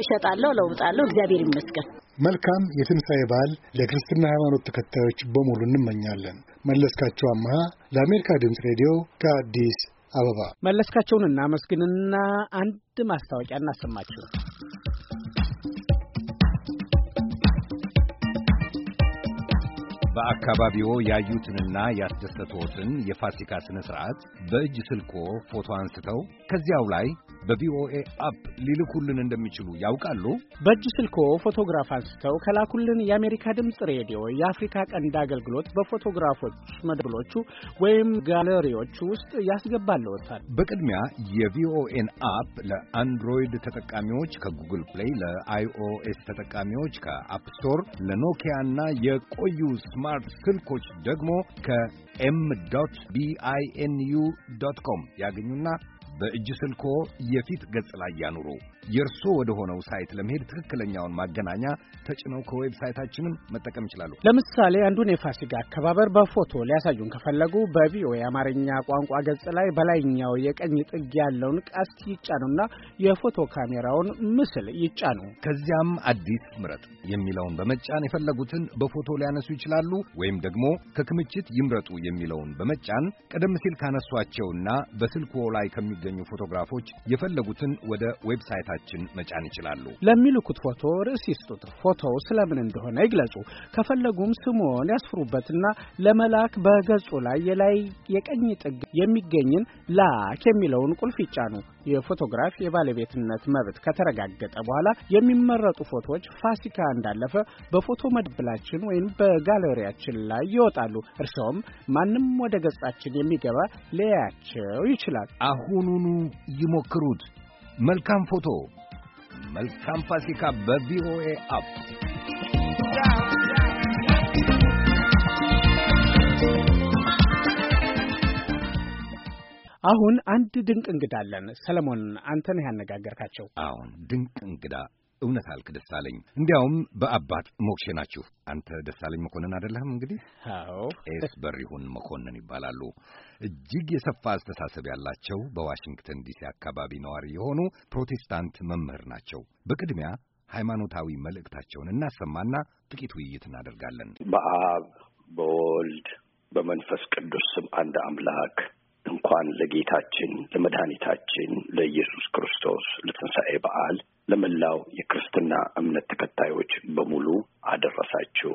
እሸጣለሁ፣ ለውጣለሁ። እግዚአብሔር ይመስገን። መልካም የትንሣኤ በዓል ለክርስትና ሃይማኖት ተከታዮች በሙሉ እንመኛለን። መለስካቸው አመሃ ለአሜሪካ ድምፅ ሬዲዮ ከአዲስ አበባ መለስካቸውን እናመስግንና አንድ ማስታወቂያ እናሰማችሁ። በአካባቢዎ ያዩትንና ያስደሰቶትን የፋሲካ ሥነ ሥርዓት በእጅ ስልኮ ፎቶ አንስተው ከዚያው ላይ በቪኦኤ አፕ ሊልኩልን እንደሚችሉ ያውቃሉ? በእጅ ስልኮ ፎቶግራፍ አንስተው ከላኩልን የአሜሪካ ድምፅ ሬዲዮ የአፍሪካ ቀንድ አገልግሎት በፎቶግራፎች መድብሎቹ ወይም ጋለሪዎች ውስጥ ያስገባለዎታል። በቅድሚያ የቪኦኤን አፕ ለአንድሮይድ ተጠቃሚዎች ከጉግል ፕሌይ፣ ለአይኦኤስ ተጠቃሚዎች ከአፕ ስቶር፣ ለኖኪያ እና የቆዩ ስማርት ስልኮች ደግሞ ከኤም ዶት ቢአይኤንዩ ዶት ኮም ያገኙና በእጅ ስልኮ የፊት ገጽ ላይ ያኑሩ። የእርሶ ወደ ሆነው ሳይት ለመሄድ ትክክለኛውን ማገናኛ ተጭነው ከዌብሳይታችንም መጠቀም ይችላሉ። ለምሳሌ አንዱን የፋሲካ አከባበር በፎቶ ሊያሳዩን ከፈለጉ በቪኦኤ የአማርኛ ቋንቋ ገጽ ላይ በላይኛው የቀኝ ጥግ ያለውን ቀስት ይጫኑና የፎቶ ካሜራውን ምስል ይጫኑ። ከዚያም አዲስ ምረጥ የሚለውን በመጫን የፈለጉትን በፎቶ ሊያነሱ ይችላሉ። ወይም ደግሞ ከክምችት ይምረጡ የሚለውን በመጫን ቀደም ሲል ካነሷቸውና በስልክዎ ላይ ከሚገኙ ፎቶግራፎች የፈለጉትን ወደ ዌብሳይታ ድረገጻችን መጫን ይችላሉ። ለሚልኩት ፎቶ ርዕስ ይስጡት። ፎቶው ስለምን እንደሆነ ይግለጹ። ከፈለጉም ስሙን ያስፍሩበትና ለመላክ በገጹ ላይ የላይ የቀኝ ጥግ የሚገኝን ላክ የሚለውን ቁልፍ ይጫኑ። የፎቶግራፍ የባለቤትነት መብት ከተረጋገጠ በኋላ የሚመረጡ ፎቶዎች ፋሲካ እንዳለፈ በፎቶ መድብላችን ወይም በጋለሪያችን ላይ ይወጣሉ። እርስዎም ማንም ወደ ገጻችን የሚገባ ሊያያቸው ይችላል። አሁኑኑ ይሞክሩት። መልካም ፎቶ፣ መልካም ፋሲካ በቪኦኤ አፕ አሁን አንድ ድንቅ እንግዳ አለን። ሰለሞን አንተ ነህ ያነጋገርካቸው። አሁን ድንቅ እንግዳ እውነት አልክ ደሳለኝ። እንዲያውም በአባት ሞክሼ ናችሁ። አንተ ደሳለኝ መኮንን አደለህም? እንግዲህ አዎ፣ ቄስ በሪሁን መኮንን ይባላሉ። እጅግ የሰፋ አስተሳሰብ ያላቸው በዋሽንግተን ዲሲ አካባቢ ነዋሪ የሆኑ ፕሮቴስታንት መምህር ናቸው። በቅድሚያ ሃይማኖታዊ መልእክታቸውን እናሰማና ጥቂት ውይይት እናደርጋለን። በአብ በወልድ በመንፈስ ቅዱስ ስም አንድ አምላክ እንኳን ለጌታችን ለመድኃኒታችን ለኢየሱስ ክርስቶስ ለትንሣኤ በዓል ለመላው የክርስትና እምነት ተከታዮች በሙሉ አደረሳችሁ።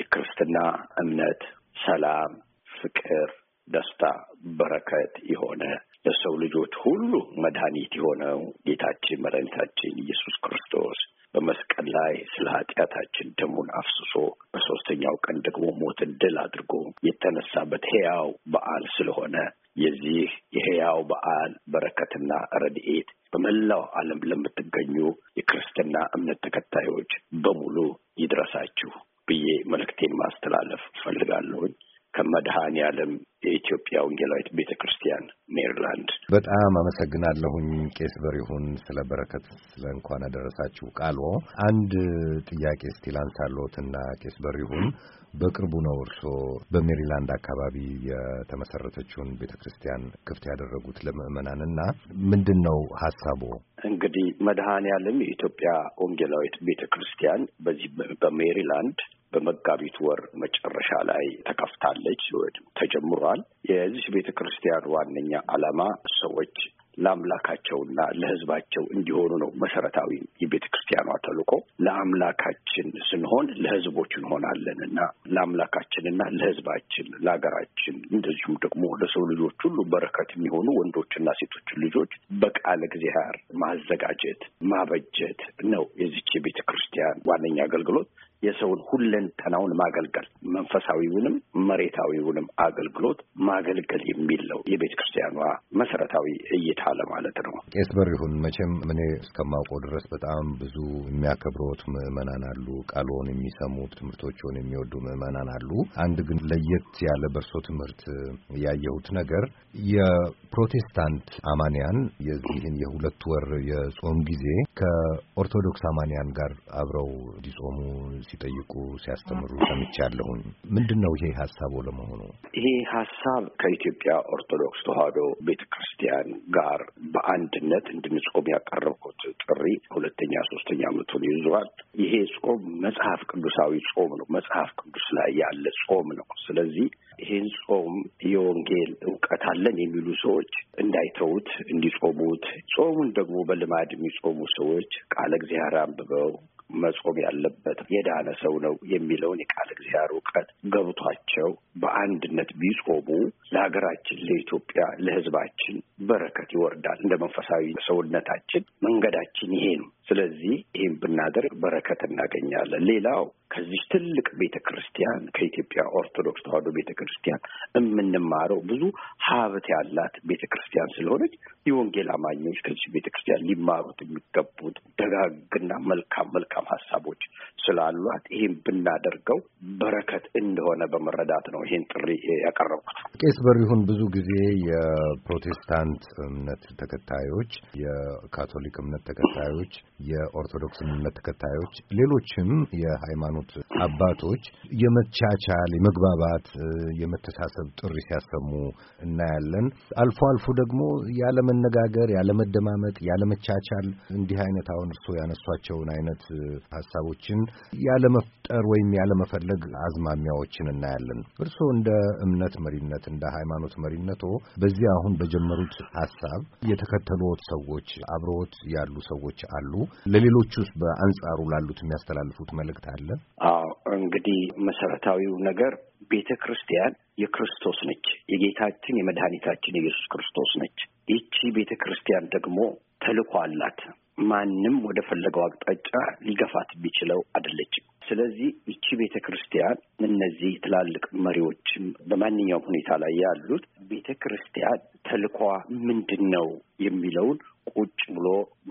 የክርስትና እምነት ሰላም፣ ፍቅር፣ ደስታ፣ በረከት የሆነ ለሰው ልጆች ሁሉ መድኃኒት የሆነው ጌታችን መድኃኒታችን ኢየሱስ ክርስቶስ በመስቀል ላይ ስለ ኃጢአታችን ደሙን አፍስሶ በሶስተኛው ቀን ደግሞ ሞትን ድል አድርጎ የተነሳበት ሕያው በዓል ስለሆነ የዚህ የሕያው በዓል በረከትና ረድኤት በመላው ዓለም ለምትገኙ የክርስትና እምነት ተከታዮች በሙሉ ይድረሳችሁ ብዬ መልእክቴን ማስተላለፍ እፈልጋለሁኝ። ከመድኃኔዓለም የኢትዮጵያ ወንጌላዊት ቤተ ክርስቲያን ሜሪላንድ። በጣም አመሰግናለሁኝ ቄስ በሪሁን ስለ በረከት ስለ እንኳን አደረሳችሁ ቃሎ። አንድ ጥያቄ እስቲ ላንሳለትና ቄስ በሪሁን በቅርቡ ነው እርስዎ በሜሪላንድ አካባቢ የተመሰረተችውን ቤተ ክርስቲያን ክፍት ያደረጉት ለምእመናን እና ምንድን ነው ሀሳቡ? እንግዲህ መድኃኔዓለም የኢትዮጵያ ወንጌላዊት ቤተ ክርስቲያን በዚህ በሜሪላንድ በመጋቢት ወር መጨረሻ ላይ ተከፍታለች ወይም ተጀምሯል። የዚህ ቤተ ክርስቲያን ዋነኛ ዓላማ ሰዎች ለአምላካቸውና ለሕዝባቸው እንዲሆኑ ነው። መሰረታዊ የቤተ ክርስቲያኗ ተልዕኮ ለአምላካችን ስንሆን ለሕዝቦች እንሆናለን እና ለአምላካችንና ለሕዝባችን ለሀገራችን፣ እንደዚሁም ደግሞ ለሰው ልጆች ሁሉ በረከት የሚሆኑ ወንዶችና ሴቶችን ልጆች በቃለ እግዚአብሔር ማዘጋጀት ማበጀት ነው የዚች የቤተ ክርስቲያን ዋነኛ አገልግሎት። የሰውን ሁለንተናውን ማገልገል መንፈሳዊውንም መሬታዊውንም አገልግሎት ማገልገል የሚል ነው የቤተ ክርስቲያኗ መሰረታዊ እይታ ለማለት ነው። ቄስ በሪሁን መቼም እኔ እስከማውቀው ድረስ በጣም ብዙ የሚያከብሮት ምዕመናን አሉ። ቃልዎን የሚሰሙ ትምህርቶችን የሚወዱ ምዕመናን አሉ። አንድ ግን ለየት ያለ በእርሶ ትምህርት ያየሁት ነገር የፕሮቴስታንት አማንያን የዚህን የሁለት ወር የጾም ጊዜ ከኦርቶዶክስ አማንያን ጋር አብረው እንዲጾሙ ሲጠይቁ ሲያስተምሩ ሰምቻለሁኝ። ምንድን ነው ይሄ ሀሳቡ ለመሆኑ? ይሄ ሀሳብ ከኢትዮጵያ ኦርቶዶክስ ተዋህዶ ቤተ ክርስቲያን ጋር በአንድነት እንድንጾም ያቀረብኩት ጥሪ ሁለተኛ ሶስተኛ ዓመቱን ይዟል። ይሄ ጾም መጽሐፍ ቅዱሳዊ ጾም ነው። መጽሐፍ ቅዱስ ላይ ያለ ጾም ነው። ስለዚህ ይህን ጾም የወንጌል እውቀት አለን የሚሉ ሰዎች እንዳይተውት እንዲጾሙት፣ ጾሙን ደግሞ በልማድ የሚጾሙ ሰዎች ቃለ እግዚአብሔር አንብበው መጾም ያለበት የዳነ ሰው ነው የሚለውን የቃል እግዚአብሔር እውቀት ገብቷቸው በአንድነት ቢጾሙ ለሀገራችን፣ ለኢትዮጵያ፣ ለሕዝባችን በረከት ይወርዳል። እንደ መንፈሳዊ ሰውነታችን መንገዳችን ይሄ ነው። ስለዚህ ይህም ብናደርግ በረከት እናገኛለን። ሌላው ከዚህ ትልቅ ቤተ ክርስቲያን ከኢትዮጵያ ኦርቶዶክስ ተዋሕዶ ቤተ ክርስቲያን የምንማረው ብዙ ሀብት ያላት ቤተ ክርስቲያን ስለሆነች የወንጌል አማኞች ከዚህ ቤተ ክርስቲያን ሊማሩት የሚገቡት ደጋግና መልካም መልካም ሀሳቦች ስላሏት ይህም ብናደርገው በረከት እንደሆነ በመረዳት ነው ይህን ጥሪ ያቀረብኩት። ቄስ በሪሁን ብዙ ጊዜ የፕሮቴስታንት እምነት ተከታዮች፣ የካቶሊክ እምነት ተከታዮች የኦርቶዶክስ እምነት ተከታዮች፣ ሌሎችም የሃይማኖት አባቶች የመቻቻል የመግባባት የመተሳሰብ ጥሪ ሲያሰሙ እናያለን። አልፎ አልፎ ደግሞ ያለመነጋገር፣ ያለመደማመጥ፣ ያለመቻቻል እንዲህ አይነት አሁን እርስዎ ያነሷቸውን አይነት ሀሳቦችን ያለመፍጠር ወይም ያለመፈለግ አዝማሚያዎችን እናያለን። እርስዎ እንደ እምነት መሪነት እንደ ሃይማኖት መሪነቶ በዚህ አሁን በጀመሩት ሀሳብ የተከተሉት ሰዎች አብረዎት ያሉ ሰዎች አሉ ለሌሎቹስ በአንጻሩ ላሉት የሚያስተላልፉት መልእክት አለ? አዎ እንግዲህ መሰረታዊው ነገር ቤተ ክርስቲያን የክርስቶስ ነች። የጌታችን የመድኃኒታችን የኢየሱስ ክርስቶስ ነች። ይቺ ቤተ ክርስቲያን ደግሞ ተልእኮ አላት። ማንም ወደ ፈለገው አቅጣጫ ሊገፋት የሚችለው አይደለችም። ስለዚህ ይቺ ቤተ ክርስቲያን እነዚህ ትላልቅ መሪዎችም በማንኛውም ሁኔታ ላይ ያሉት ቤተ ክርስቲያን ተልኳ ምንድን ነው የሚለውን ቁጭ ብሎ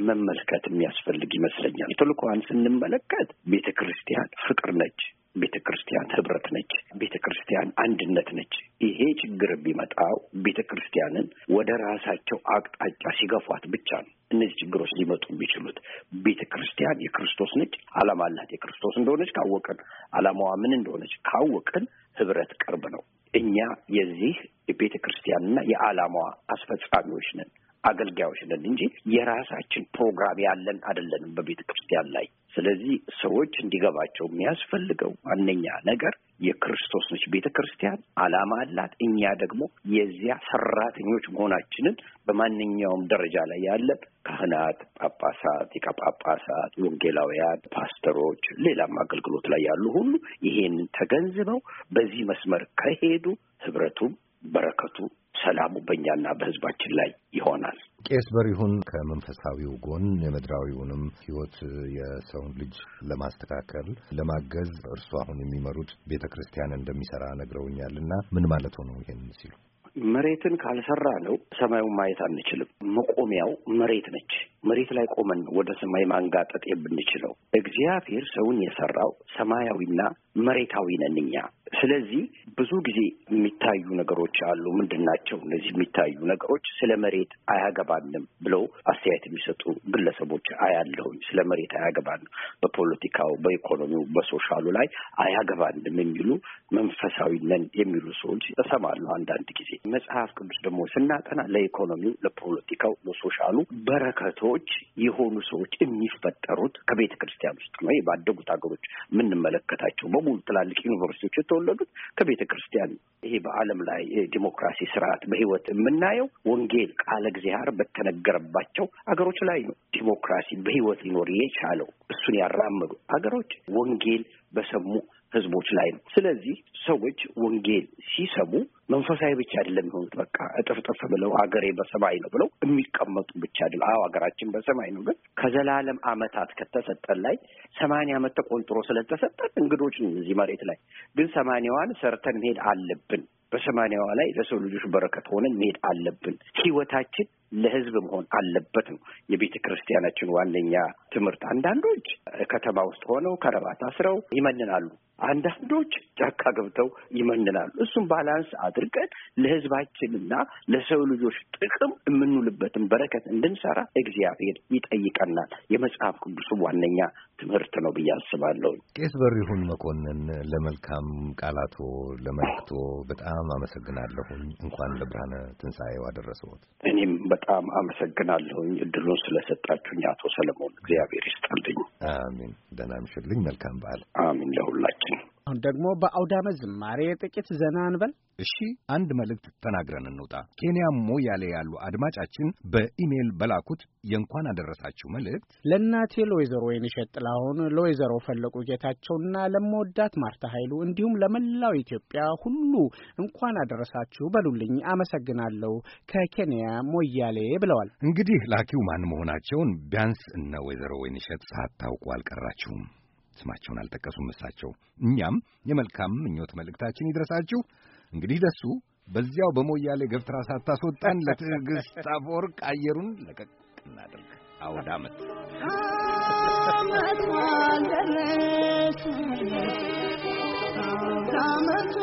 መመልከት የሚያስፈልግ ይመስለኛል። ተልኳን ስንመለከት ቤተ ክርስቲያን ፍቅር ነች፣ ቤተ ክርስቲያን ህብረት ነች። ቤተ ክርስቲያን አንድነት ነች። ይሄ ችግር ቢመጣው ቤተ ክርስቲያንን ወደ ራሳቸው አቅጣጫ ሲገፏት ብቻ ነው እነዚህ ችግሮች ሊመጡ የሚችሉት። ቤተ ክርስቲያን የክርስቶስ ነች። ዓላማ አላት። የክርስቶስ እንደሆነች ካወቅን፣ ዓላማዋ ምን እንደሆነች ካወቅን ህብረት ቅርብ ነው። እኛ የዚህ የቤተ ክርስቲያንና የዓላማዋ አስፈጻሚዎች ነን። አገልጋዮች ነን እንጂ የራሳችን ፕሮግራም ያለን አይደለንም በቤተ ክርስቲያን ላይ። ስለዚህ ሰዎች እንዲገባቸው የሚያስፈልገው ዋነኛ ነገር የክርስቶስ ነች ቤተ ክርስቲያን፣ ዓላማ አላት። እኛ ደግሞ የዚያ ሰራተኞች መሆናችንን በማንኛውም ደረጃ ላይ ያለን ካህናት፣ ጳጳሳት፣ ሊቀ ጳጳሳት፣ ወንጌላውያን፣ ፓስተሮች፣ ሌላም አገልግሎት ላይ ያሉ ሁሉ ይሄንን ተገንዝበው በዚህ መስመር ከሄዱ ህብረቱም በረከቱ ሰላሙ በእኛና በህዝባችን ላይ ይሆናል። ቄስ በሪሁን ከመንፈሳዊው ጎን የምድራዊውንም ህይወት የሰውን ልጅ ለማስተካከል ለማገዝ እርሱ አሁን የሚመሩት ቤተ ክርስቲያን እንደሚሰራ ነግረውኛል እና ምን ማለት ነው ይሄን ሲሉ መሬትን ካልሰራ ነው ሰማዩን ማየት አንችልም። መቆሚያው መሬት ነች። መሬት ላይ ቆመን ወደ ሰማይ ማንጋጠጥ የምንችለው እግዚአብሔር ሰውን የሰራው ሰማያዊና መሬታዊ ነን እኛ። ስለዚህ ብዙ ጊዜ የሚታዩ ነገሮች አሉ። ምንድን ናቸው እነዚህ የሚታዩ ነገሮች? ስለ መሬት አያገባንም ብለው አስተያየት የሚሰጡ ግለሰቦች አያለሁኝ። ስለ መሬት አያገባንም፣ በፖለቲካው፣ በኢኮኖሚው፣ በሶሻሉ ላይ አያገባንም የሚሉ መንፈሳዊ ነን የሚሉ ሰዎች እሰማለሁ አንዳንድ ጊዜ። መጽሐፍ ቅዱስ ደግሞ ስናጠና ለኢኮኖሚው፣ ለፖለቲካው፣ ለሶሻሉ በረከቶች የሆኑ ሰዎች የሚፈጠሩት ከቤተ ክርስቲያን ውስጥ ነው። ባደጉት ሀገሮች የምንመለከታቸው በሙሉ ትላልቅ ዩኒቨርሲቲዎች የተወለዱት ከቤተ ክርስቲያን ይሄ በዓለም ላይ ዲሞክራሲ ስርዓት በህይወት የምናየው ወንጌል ቃለ እግዚአብሔር በተነገረባቸው አገሮች ላይ ነው። ዲሞክራሲ በህይወት ሊኖር የቻለው እሱን ያራመዱ አገሮች ወንጌል በሰሙ ህዝቦች ላይ ነው። ስለዚህ ሰዎች ወንጌል ሲሰሙ መንፈሳዊ ብቻ አይደለም የሚሆኑት። በቃ እጥፍጥፍ ብለው ሀገሬ በሰማይ ነው ብለው የሚቀመጡ ብቻ አይደለም። አዎ ሀገራችን በሰማይ ነው፣ ግን ከዘላለም አመታት ከተሰጠን ላይ ሰማንያ ዓመት ተቆንጥሮ ስለተሰጠን እንግዶች ነው እዚህ መሬት ላይ። ግን ሰማንያዋን ሰርተን መሄድ አለብን። በሰማንያዋ ላይ ለሰው ልጆች በረከት ሆነን መሄድ አለብን። ህይወታችን ለህዝብ መሆን አለበት ነው የቤተ ክርስቲያናችን ዋነኛ ትምህርት። አንዳንዶች ከተማ ውስጥ ሆነው ከረባት አስረው ይመንናሉ። አንዳንዶች ጫካ ገብተው ይመንናሉ። እሱም ባላንስ አድርገን ለህዝባችንና ለሰው ልጆች ጥቅም የምንውልበትን በረከት እንድንሰራ እግዚአብሔር ይጠይቀናል። የመጽሐፍ ቅዱሱ ዋነኛ ትምህርት ነው ብዬ አስባለሁ። ቄስ በሪሁን መኮንን ለመልካም ቃላቶ፣ ለመልክቶ በጣም አመሰግናለሁኝ። እንኳን ለብርሃነ ትንሣኤው አደረሰዎት። እኔም በጣም አመሰግናለሁኝ እድሉን ስለሰጣችሁኝ አቶ ሰለሞን፣ እግዚአብሔር ይስጠልኝ። አሚን። ደህና ምሽልኝ። መልካም በዓል። አሚን። ደህና ምሽልኝ። መልካም በዓል። አሚን ለሁላችን አሁን ደግሞ በአውዳመ ዝማሬ ጥቂት ዘና እንበል። እሺ አንድ መልእክት ተናግረን እንውጣ። ኬንያ ሞያሌ ያሉ አድማጫችን በኢሜል በላኩት የእንኳን አደረሳችሁ መልእክት ለእናቴ ለወይዘሮ ወይንሸት ጥላሁን፣ ለወይዘሮ ፈለቁ ጌታቸውና ለመወዳት ማርታ ኃይሉ እንዲሁም ለመላው ኢትዮጵያ ሁሉ እንኳን አደረሳችሁ በሉልኝ። አመሰግናለሁ። ከኬንያ ሞያሌ ብለዋል። እንግዲህ ላኪው ማን መሆናቸውን ቢያንስ እነ ወይዘሮ ወይንሸት ሳታውቁ አልቀራችሁም። ስማቸውን አልጠቀሱም እሳቸው። እኛም የመልካም ምኞት መልእክታችን ይድረሳችሁ። እንግዲህ ደሱ በዚያው በሞያሌ ገፍትራ ሳታስወጣን ለትግስ አፈወርቅ አየሩን ለቀቅ እናደርግ። አውደ ዓመት ዓመት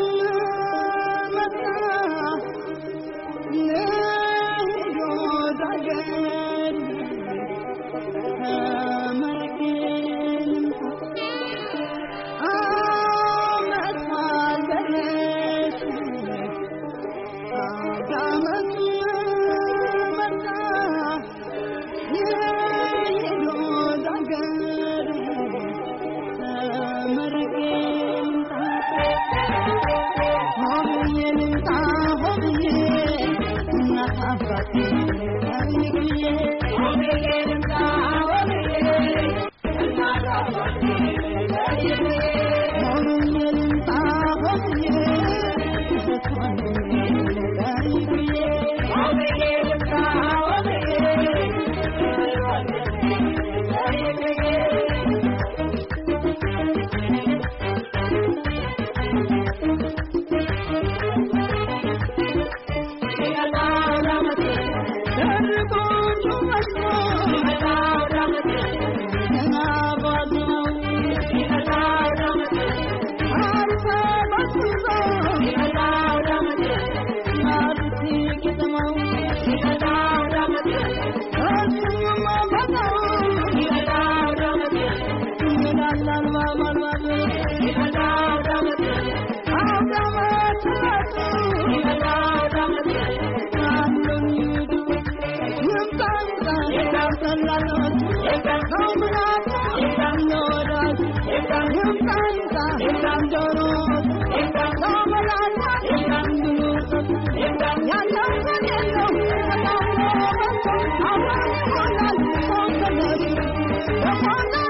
Aman aman aman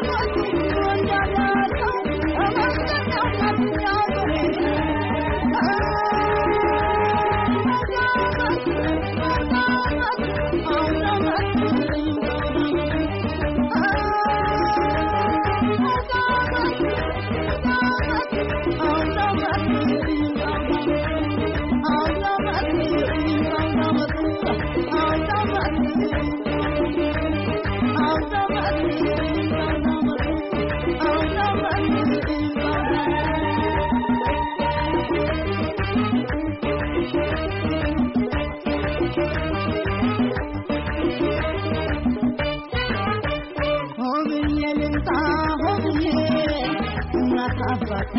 Papa,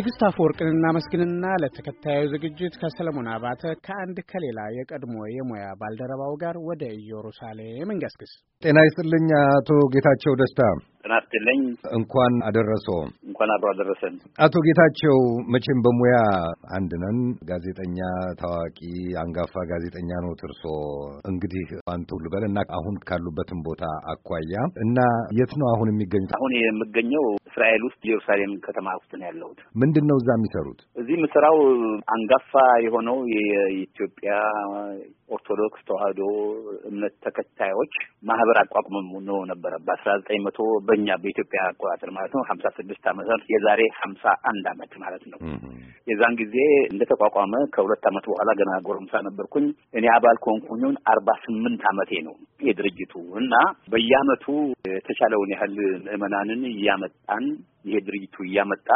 ትዕግስት አፈወርቅን እናመስግንና ለተከታዩ ዝግጅት ከሰለሞን አባተ ከአንድ ከሌላ የቀድሞ የሙያ ባልደረባው ጋር ወደ ኢየሩሳሌም እንገስግስ። ጤና ይስጥልኝ አቶ ጌታቸው ደስታ። ጤና ይስጥልኝ። እንኳን አደረሶ። እንኳን አብሮ አደረሰን። አቶ ጌታቸው መቼም በሙያ አንድ ነን። ጋዜጠኛ፣ ታዋቂ አንጋፋ ጋዜጠኛ ነው እርሶ። እንግዲህ አንቱ ልበል እና አሁን ካሉበትም ቦታ አኳያ እና የት ነው አሁን የሚገኙት? አሁን የምገኘው እስራኤል ውስጥ ኢየሩሳሌም ከተማ ውስጥ ነው ያለሁት። ምንድን ነው እዛ የሚሰሩት? እዚህ የምሰራው አንጋፋ የሆነው የኢትዮጵያ ኦርቶዶክስ ተዋህዶ እምነት ተከታዮች ማህበር አቋቁመም ነው ነበረ በአስራ ዘጠኝ መቶ በእኛ በኢትዮጵያ አቆጣጠር ማለት ነው ሀምሳ ስድስት ዓመት የዛሬ ሀምሳ አንድ አመት ማለት ነው። የዛን ጊዜ እንደተቋቋመ ከሁለት ዓመት በኋላ ገና ጎረምሳ ነበርኩኝ። እኔ አባል ከሆንኩኝን አርባ ስምንት አመቴ ነው የድርጅቱ እና በየአመቱ የተቻለውን ያህል ምዕመናንን እያመጣን ይሄ ድርጅቱ እያመጣ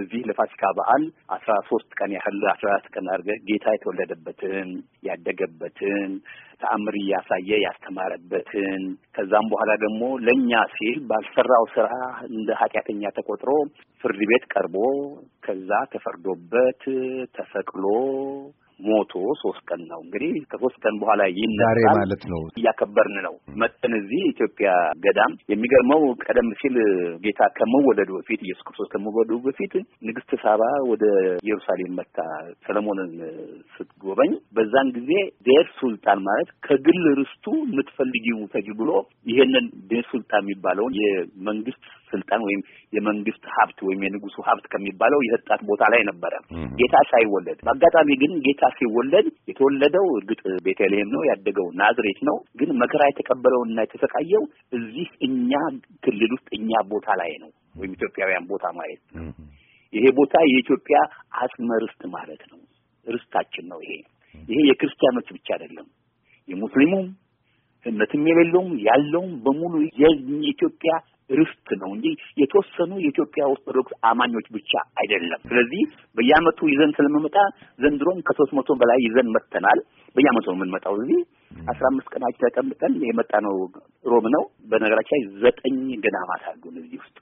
እዚህ ለፋሲካ በዓል አስራ ሶስት ቀን ያህል አስራ አራት ቀን አድርገህ ጌታ የተወለደበትን ያደገበትን ተአምር እያሳየ ያስተማረበትን ከዛም በኋላ ደግሞ ለእኛ ሲል ባልሰራው ስራ እንደ ኃጢአተኛ ተቆጥሮ ፍርድ ቤት ቀርቦ ከዛ ተፈርዶበት ተሰቅሎ ሞቶ ሶስት ቀን ነው እንግዲህ ከሶስት ቀን በኋላ ይነሳል ማለት ነው። እያከበርን ነው። መጠን እዚህ ኢትዮጵያ ገዳም የሚገርመው ቀደም ሲል ጌታ ከመወለዱ በፊት ኢየሱስ ክርስቶስ ከመወለዱ በፊት ንግስት ሳባ ወደ ኢየሩሳሌም መታ ሰለሞንን ስትጎበኝ በዛን ጊዜ ዴር ሱልጣን ማለት ከግል ርስቱ የምትፈልጊው ተጅ ብሎ ይሄንን ዴር ሱልጣን የሚባለውን የመንግስት ስልጣን ወይም የመንግስት ሀብት ወይም የንጉሱ ሀብት ከሚባለው የህጣት ቦታ ላይ ነበረ ጌታ ሳይወለድ። በአጋጣሚ ግን ጌታ ሲወለድ የተወለደው እርግጥ ቤተልሔም ነው፣ ያደገው ናዝሬት ነው። ግን መከራ የተቀበለውና የተሰቃየው እዚህ እኛ ክልል ውስጥ እኛ ቦታ ላይ ነው፣ ወይም ኢትዮጵያውያን ቦታ ማለት ነው። ይሄ ቦታ የኢትዮጵያ አጽመ ርስት ማለት ነው። ርስታችን ነው። ይሄ ይሄ የክርስቲያኖች ብቻ አይደለም፣ የሙስሊሙም እምነትም የሌለውም ያለውም በሙሉ የኢትዮጵያ ርስት ነው እንጂ የተወሰኑ የኢትዮጵያ ኦርቶዶክስ አማኞች ብቻ አይደለም። ስለዚህ በየአመቱ ይዘን ስለምመጣ ዘንድሮም ከሶስት መቶ በላይ ይዘን መጥተናል። በየአመቱ ነው የምንመጣው እዚህ አስራ አምስት ቀናች ተቀምጠን የመጣ ነው። ሮም ነው በነገራችን ላይ ዘጠኝ ገዳማት አሉን እዚህ ውስጥ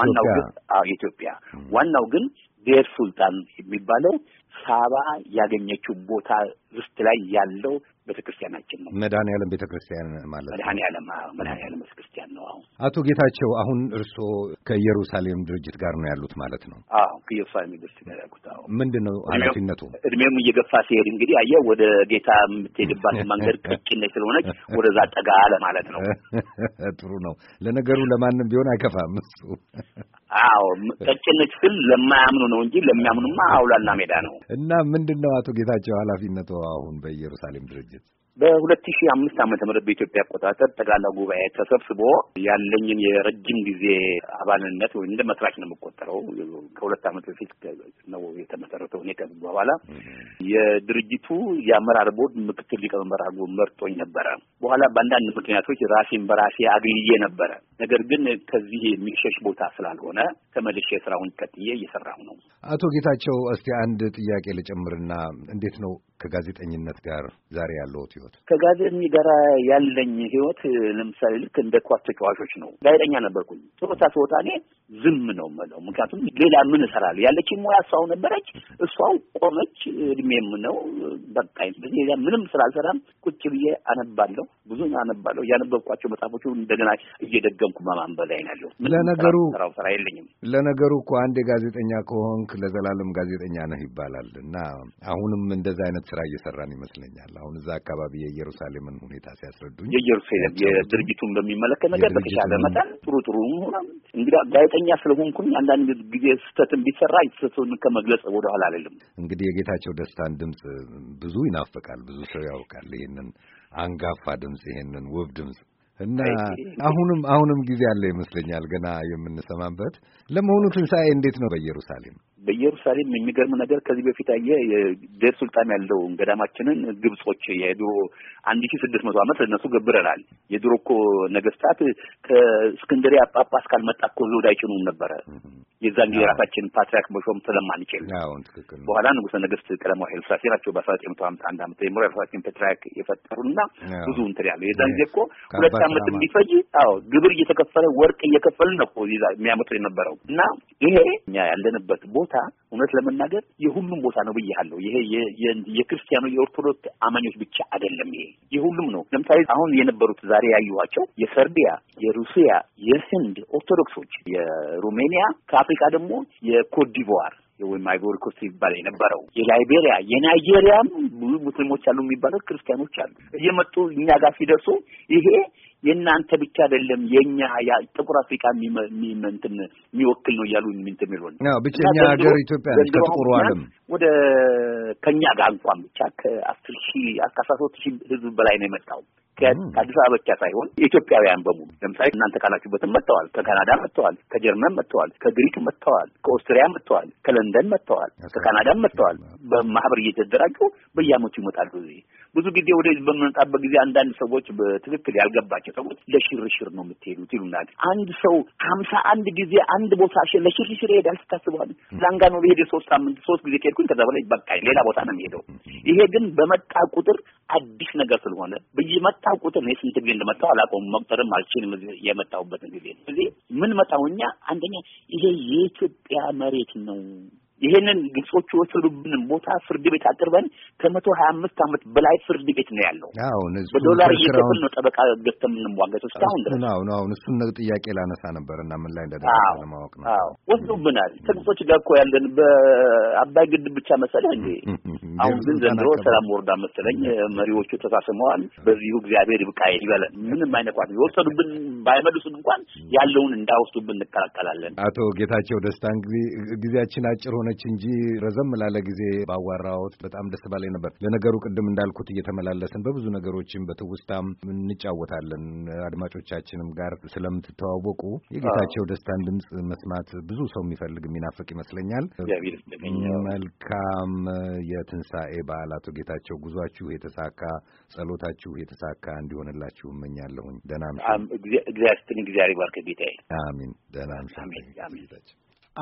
ዋናው ግን የኢትዮጵያ ዋናው ግን ዴር ሱልጣን የሚባለው ሳባ ያገኘችው ቦታ ውስጥ ላይ ያለው ቤተክርስቲያናችን ነው። መድኃኔዓለም ቤተክርስቲያን ማለት መድኃኔዓለም መድኃኔዓለም ቤተክርስቲያን ነው። አሁን አቶ ጌታቸው፣ አሁን እርስዎ ከኢየሩሳሌም ድርጅት ጋር ነው ያሉት ማለት ነው? አዎ ከኢየሩሳሌም ድርጅት ጋር ያሉት። አዎ ምንድን ነው ኃላፊነቱ? እድሜም እየገፋ ሲሄድ እንግዲህ አየህ ወደ ጌታ የምትሄድባት መንገድ ቀጭን ስለሆነች ወደዛ ጠጋ አለ ማለት ነው። ጥሩ ነው። ለነገሩ ለማንም ቢሆን አይከፋም እሱ አዎ ቀጭን ነች ስል ለማያምኑ ነው እንጂ ለሚያምኑማ አውላላ ሜዳ ነው። እና ምንድን ነው አቶ ጌታቸው ኃላፊነቱ አሁን በኢየሩሳሌም ድርጅት በሁለት ሺ አምስት ዓመተ ምህረት በኢትዮጵያ አቆጣጠር ጠቅላላ ጉባኤ ተሰብስቦ ያለኝን የረጅም ጊዜ አባልነት ወይም እንደ መስራች ነው የምቆጠረው። ከሁለት ዓመት በፊት ነው የተመሰረተው። እኔ ከዚህ በኋላ የድርጅቱ የአመራር ቦርድ ምክትል ሊቀመንበር አድርጎ መርጦኝ ነበረ። በኋላ በአንዳንድ ምክንያቶች ራሴን በራሴ አግልዬ ነበረ። ነገር ግን ከዚህ የሚሸሽ ቦታ ስላልሆነ ተመልሼ የስራውን ቀጥዬ እየሰራሁ ነው። አቶ ጌታቸው፣ እስቲ አንድ ጥያቄ ልጨምርና እንዴት ነው ከጋዜጠኝነት ጋር ዛሬ ያለሁት ህይወት? ከጋዜጠኝ ጋር ያለኝ ህይወት ለምሳሌ ልክ እንደ ኳስ ተጫዋቾች ነው። ጋዜጠኛ ነበርኩኝ። ስወጣ ስወጣ እኔ ዝም ነው የምለው፣ ምክንያቱም ሌላ ምን እሰራለሁ? ያለች ሙያ እሷው ነበረች፣ እሷው ቆመች። እድሜም ነው በቃ ስለዚህ ምንም ስራ አልሰራም። ቁጭ ብዬ አነባለሁ፣ ብዙ አነባለሁ። ያነበብኳቸው መጽሐፎች እንደገና እየደገምኩ በማንበብ ላይ ያለው። ለነገሩ ስራ የለኝም። ለነገሩ እኮ አንድ የጋዜጠኛ ከሆንክ ለዘላለም ጋዜጠኛ ነህ ይባላል እና አሁንም እንደዛ አይነት ስራ እየሰራን ይመስለኛል። አሁን እዛ አካባቢ የኢየሩሳሌምን ሁኔታ ሲያስረዱኝ የኢየሩሳሌም የድርጅቱን በሚመለከት ነገር በተሻለ መጠን ጥሩ ጥሩ እንግዲህ ጋዜጠኛ ስለሆንኩኝ አንዳንድ ጊዜ ስህተትን ቢሰራ ስህተቱን ከመግለጽ ወደኋላ አይደለም። እንግዲህ የጌታቸው ደስታን ድምፅ ብዙ ይናፍቃል፣ ብዙ ሰው ያውቃል። ይህንን አንጋፋ ድምፅ፣ ይሄንን ውብ ድምፅ እና አሁንም አሁንም ጊዜ አለ ይመስለኛል ገና የምንሰማበት። ለመሆኑ ትንሣኤ እንዴት ነው በኢየሩሳሌም? በኢየሩሳሌም የሚገርም ነገር ከዚህ በፊት አየ ዴር ሱልጣን ያለውን ገዳማችንን ግብጾች የድሮ አንድ ሺ ስድስት መቶ ዓመት እነሱ ገብረናል። የድሮ እኮ ነገስታት ከእስክንድሪያ ጳጳስ ካልመጣ እኮ ዘውድ አይጭኑም ነበረ። የዛን ጊዜ የራሳችን ፓትሪያርክ መሾም ስለማንችል በኋላ ንጉሰ ነገስት ቀዳማዊ ኃይለ ሥላሴ ናቸው በአስራ ዘጠኝ መቶ ሀምሳ አንድ ዓመት ጀምሮ የራሳችን ፓትሪያርክ የፈጠሩና ብዙ እንትን ያለ የዛን ጊዜ እኮ ሁለት ዓመት የሚፈጅ አዎ ግብር እየተከፈለ ወርቅ እየከፈልን ነው እኮ የሚያመጡ የነበረው እና ይሄ እኛ ያለንበት ቦታ ቦታ እውነት ለመናገር የሁሉም ቦታ ነው ብያለሁ። ይሄ የክርስቲያኑ የኦርቶዶክስ አማኞች ብቻ አይደለም። ይሄ የሁሉም ነው። ለምሳሌ አሁን የነበሩት ዛሬ ያዩኋቸው የሰርቢያ፣ የሩሲያ፣ የህንድ ኦርቶዶክሶች፣ የሩሜኒያ ከአፍሪካ ደግሞ የኮትዲቯር ወይም አይቮሪ ኮስት ይባል የነበረው የላይቤሪያ የናይጄሪያም ብዙ ሙስሊሞች አሉ የሚባለው ክርስቲያኖች አሉ እየመጡ እኛ ጋር ሲደርሱ ይሄ የእናንተ ብቻ አይደለም የእኛ ጥቁር አፍሪካ የሚመንትን የሚወክል ነው እያሉ ምንት የሚሉ ብቸኛ ሀገር ኢትዮጵያ ነች ከጥቁሩ ዓለም ወደ ከእኛ ጋር እንኳን ብቻ ከአስር ሺህ ከአስራ ሶስት ሺህ ህዝብ በላይ ነው የመጣው ከአዲስ አበባ ብቻ ሳይሆን የኢትዮጵያውያን በሙሉ ለምሳሌ እናንተ ካላችሁበትም መጥተዋል። ከካናዳ መጥተዋል፣ ከጀርመን መጥተዋል፣ ከግሪክ መጥተዋል፣ ከኦስትሪያ መጥተዋል፣ ከለንደን መጥተዋል፣ ከካናዳም መጥተዋል። በማህበር እየተደራጁ በየዓመቱ ይመጣሉ። ብዙ ጊዜ ወደ ህዝብ በምንመጣበት ጊዜ አንዳንድ ሰዎች በትክክል ያልገባቸው ሰዎች ለሽርሽር ነው የምትሄዱት ይሉናል። አንድ ሰው ሀምሳ አንድ ጊዜ አንድ ቦታ ለሽርሽር ይሄዳል። ስታስበዋል ነው ሄደ ሶስት ሳምንት ሶስት ጊዜ ከሄድኩኝ ከዛ በላይ በቃ ሌላ ቦታ ነው የሚሄደው። ይሄ ግን በመጣ ቁጥር አዲስ ነገር ስለሆነ በየመጣ አታውቁትም። ቁጥር ስንት ጊዜ እንደመጣው አላውቀውም፣ መቁጠርም አልችልም የመጣሁበትን ጊዜ። ስለዚህ ምን መጣሁ እኛ አንደኛ ይሄ የኢትዮጵያ መሬት ነው ይሄንን ግብጾቹ የወሰዱብንን ቦታ ፍርድ ቤት አቅርበን ከመቶ ሀያ አምስት አመት በላይ ፍርድ ቤት ነው ያለው። አሁን በዶላር እየከፈል ነው ጠበቃ ገዝተን የምንሟገተው እስካሁን ድረስ። አሁን አሁን እሱን ነገር ጥያቄ ላነሳ ነበር እና ምን ላይ እንደደረሰ ለማወቅ ነው። ወስዱብናል። ከግብጾች ጋር እኮ ያለን በአባይ ግድብ ብቻ መሰለህ እንዴ? አሁን ግን ዘንድሮ ሰላም ወርዳ መሰለኝ መሪዎቹ ተሳስመዋል። በዚሁ እግዚአብሔር ይብቃ ይበለን። ምንም አይነኳት የወሰዱብን ባይመልሱን እንኳን ያለውን እንዳይወስዱብን እንከላከላለን። አቶ ጌታቸው ደስታ እንግዲህ ጊዜያችን አጭር ሆነ ሆነች እንጂ ረዘም ላለ ጊዜ ባዋራሁት በጣም ደስ ባላይ ነበር። ለነገሩ ቅድም እንዳልኩት እየተመላለስን በብዙ ነገሮችም በትውስታም እንጫወታለን። አድማጮቻችንም ጋር ስለምትተዋወቁ የጌታቸው ደስታን ድምፅ መስማት ብዙ ሰው የሚፈልግ የሚናፍቅ ይመስለኛል። መልካም የትንሣኤ በዓል አቶ ጌታቸው። ጉዟችሁ የተሳካ ጸሎታችሁ የተሳካ እንዲሆንላችሁ እመኛለሁኝ። ደህና እግዚአብሔር ይባርከ ጌታዬ። አሚን። ደህና አሜን።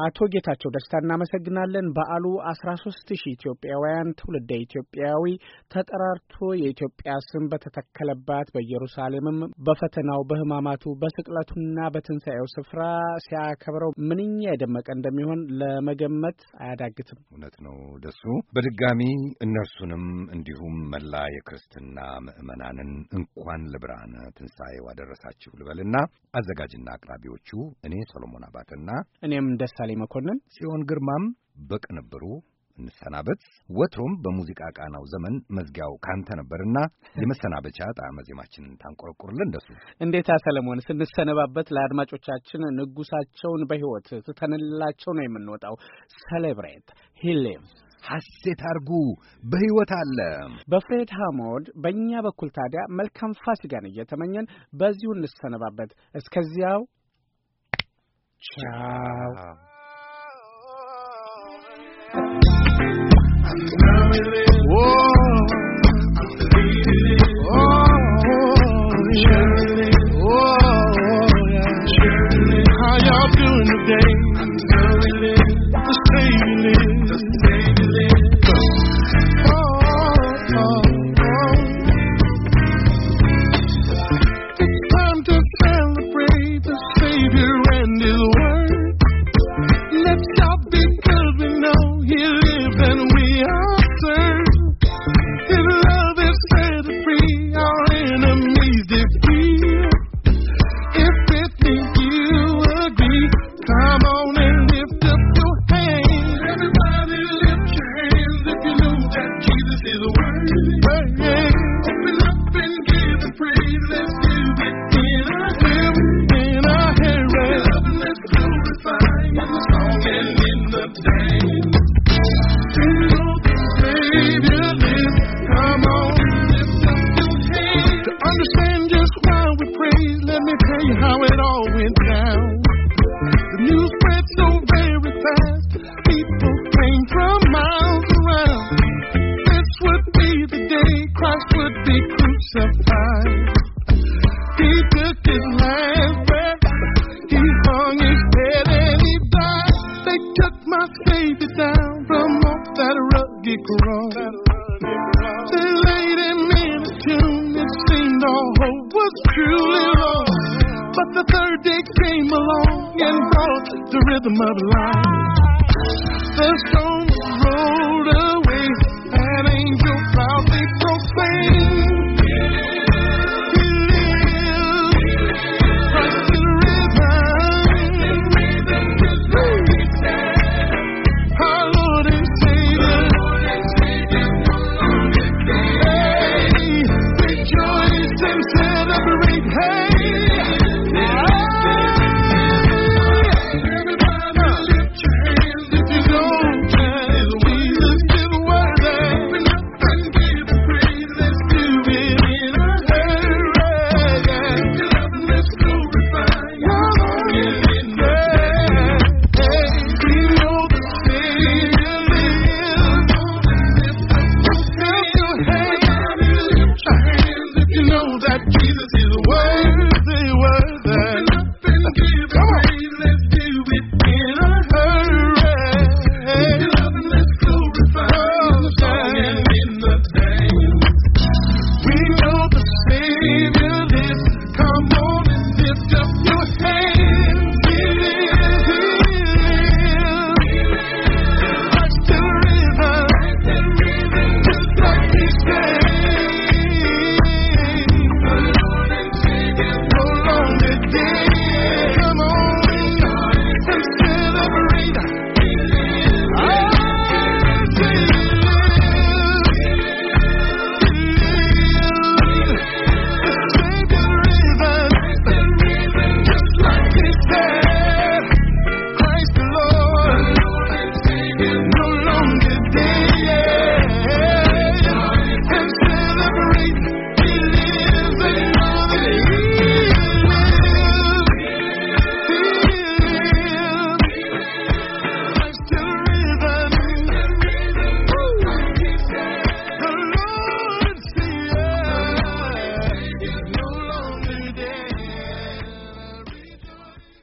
አቶ ጌታቸው ደስታ እናመሰግናለን። በዓሉ አስራ ሶስት ሺህ ኢትዮጵያውያን ትውልደ ኢትዮጵያዊ ተጠራርቶ የኢትዮጵያ ስም በተተከለባት በኢየሩሳሌምም በፈተናው፣ በሕማማቱ፣ በስቅለቱና በትንሣኤው ስፍራ ሲያከብረው ምንኛ የደመቀ እንደሚሆን ለመገመት አያዳግትም። እውነት ነው ደሱ። በድጋሚ እነርሱንም እንዲሁም መላ የክርስትና ምዕመናንን እንኳን ለብርሃነ ትንሣኤው አደረሳችሁ ልበልና አዘጋጅና አቅራቢዎቹ እኔ ሰሎሞን አባትና እኔም ደሳ ደሳሌ መኮንን፣ ጽዮን ግርማም በቅንብሩ እንሰናበት። ወትሮም በሙዚቃ ቃናው ዘመን መዝጊያው ካንተ ነበርና የመሰናበቻ ጣዕመ ዜማችንን ታንቆረቁርልን። እንደሱ እንዴታ ሰለሞን፣ ስንሰነባበት ለአድማጮቻችን ንጉሳቸውን በሕይወት ትተንላቸው ነው የምንወጣው። ሴሌብሬት ሂሌም ሐሴት አርጉ በሕይወት አለ በፍሬድ ሃሞድ በእኛ በኩል ታዲያ መልካም ፋሲጋን እየተመኘን በዚሁ እንሰነባበት። እስከዚያው ቻው። Whoa. Oh.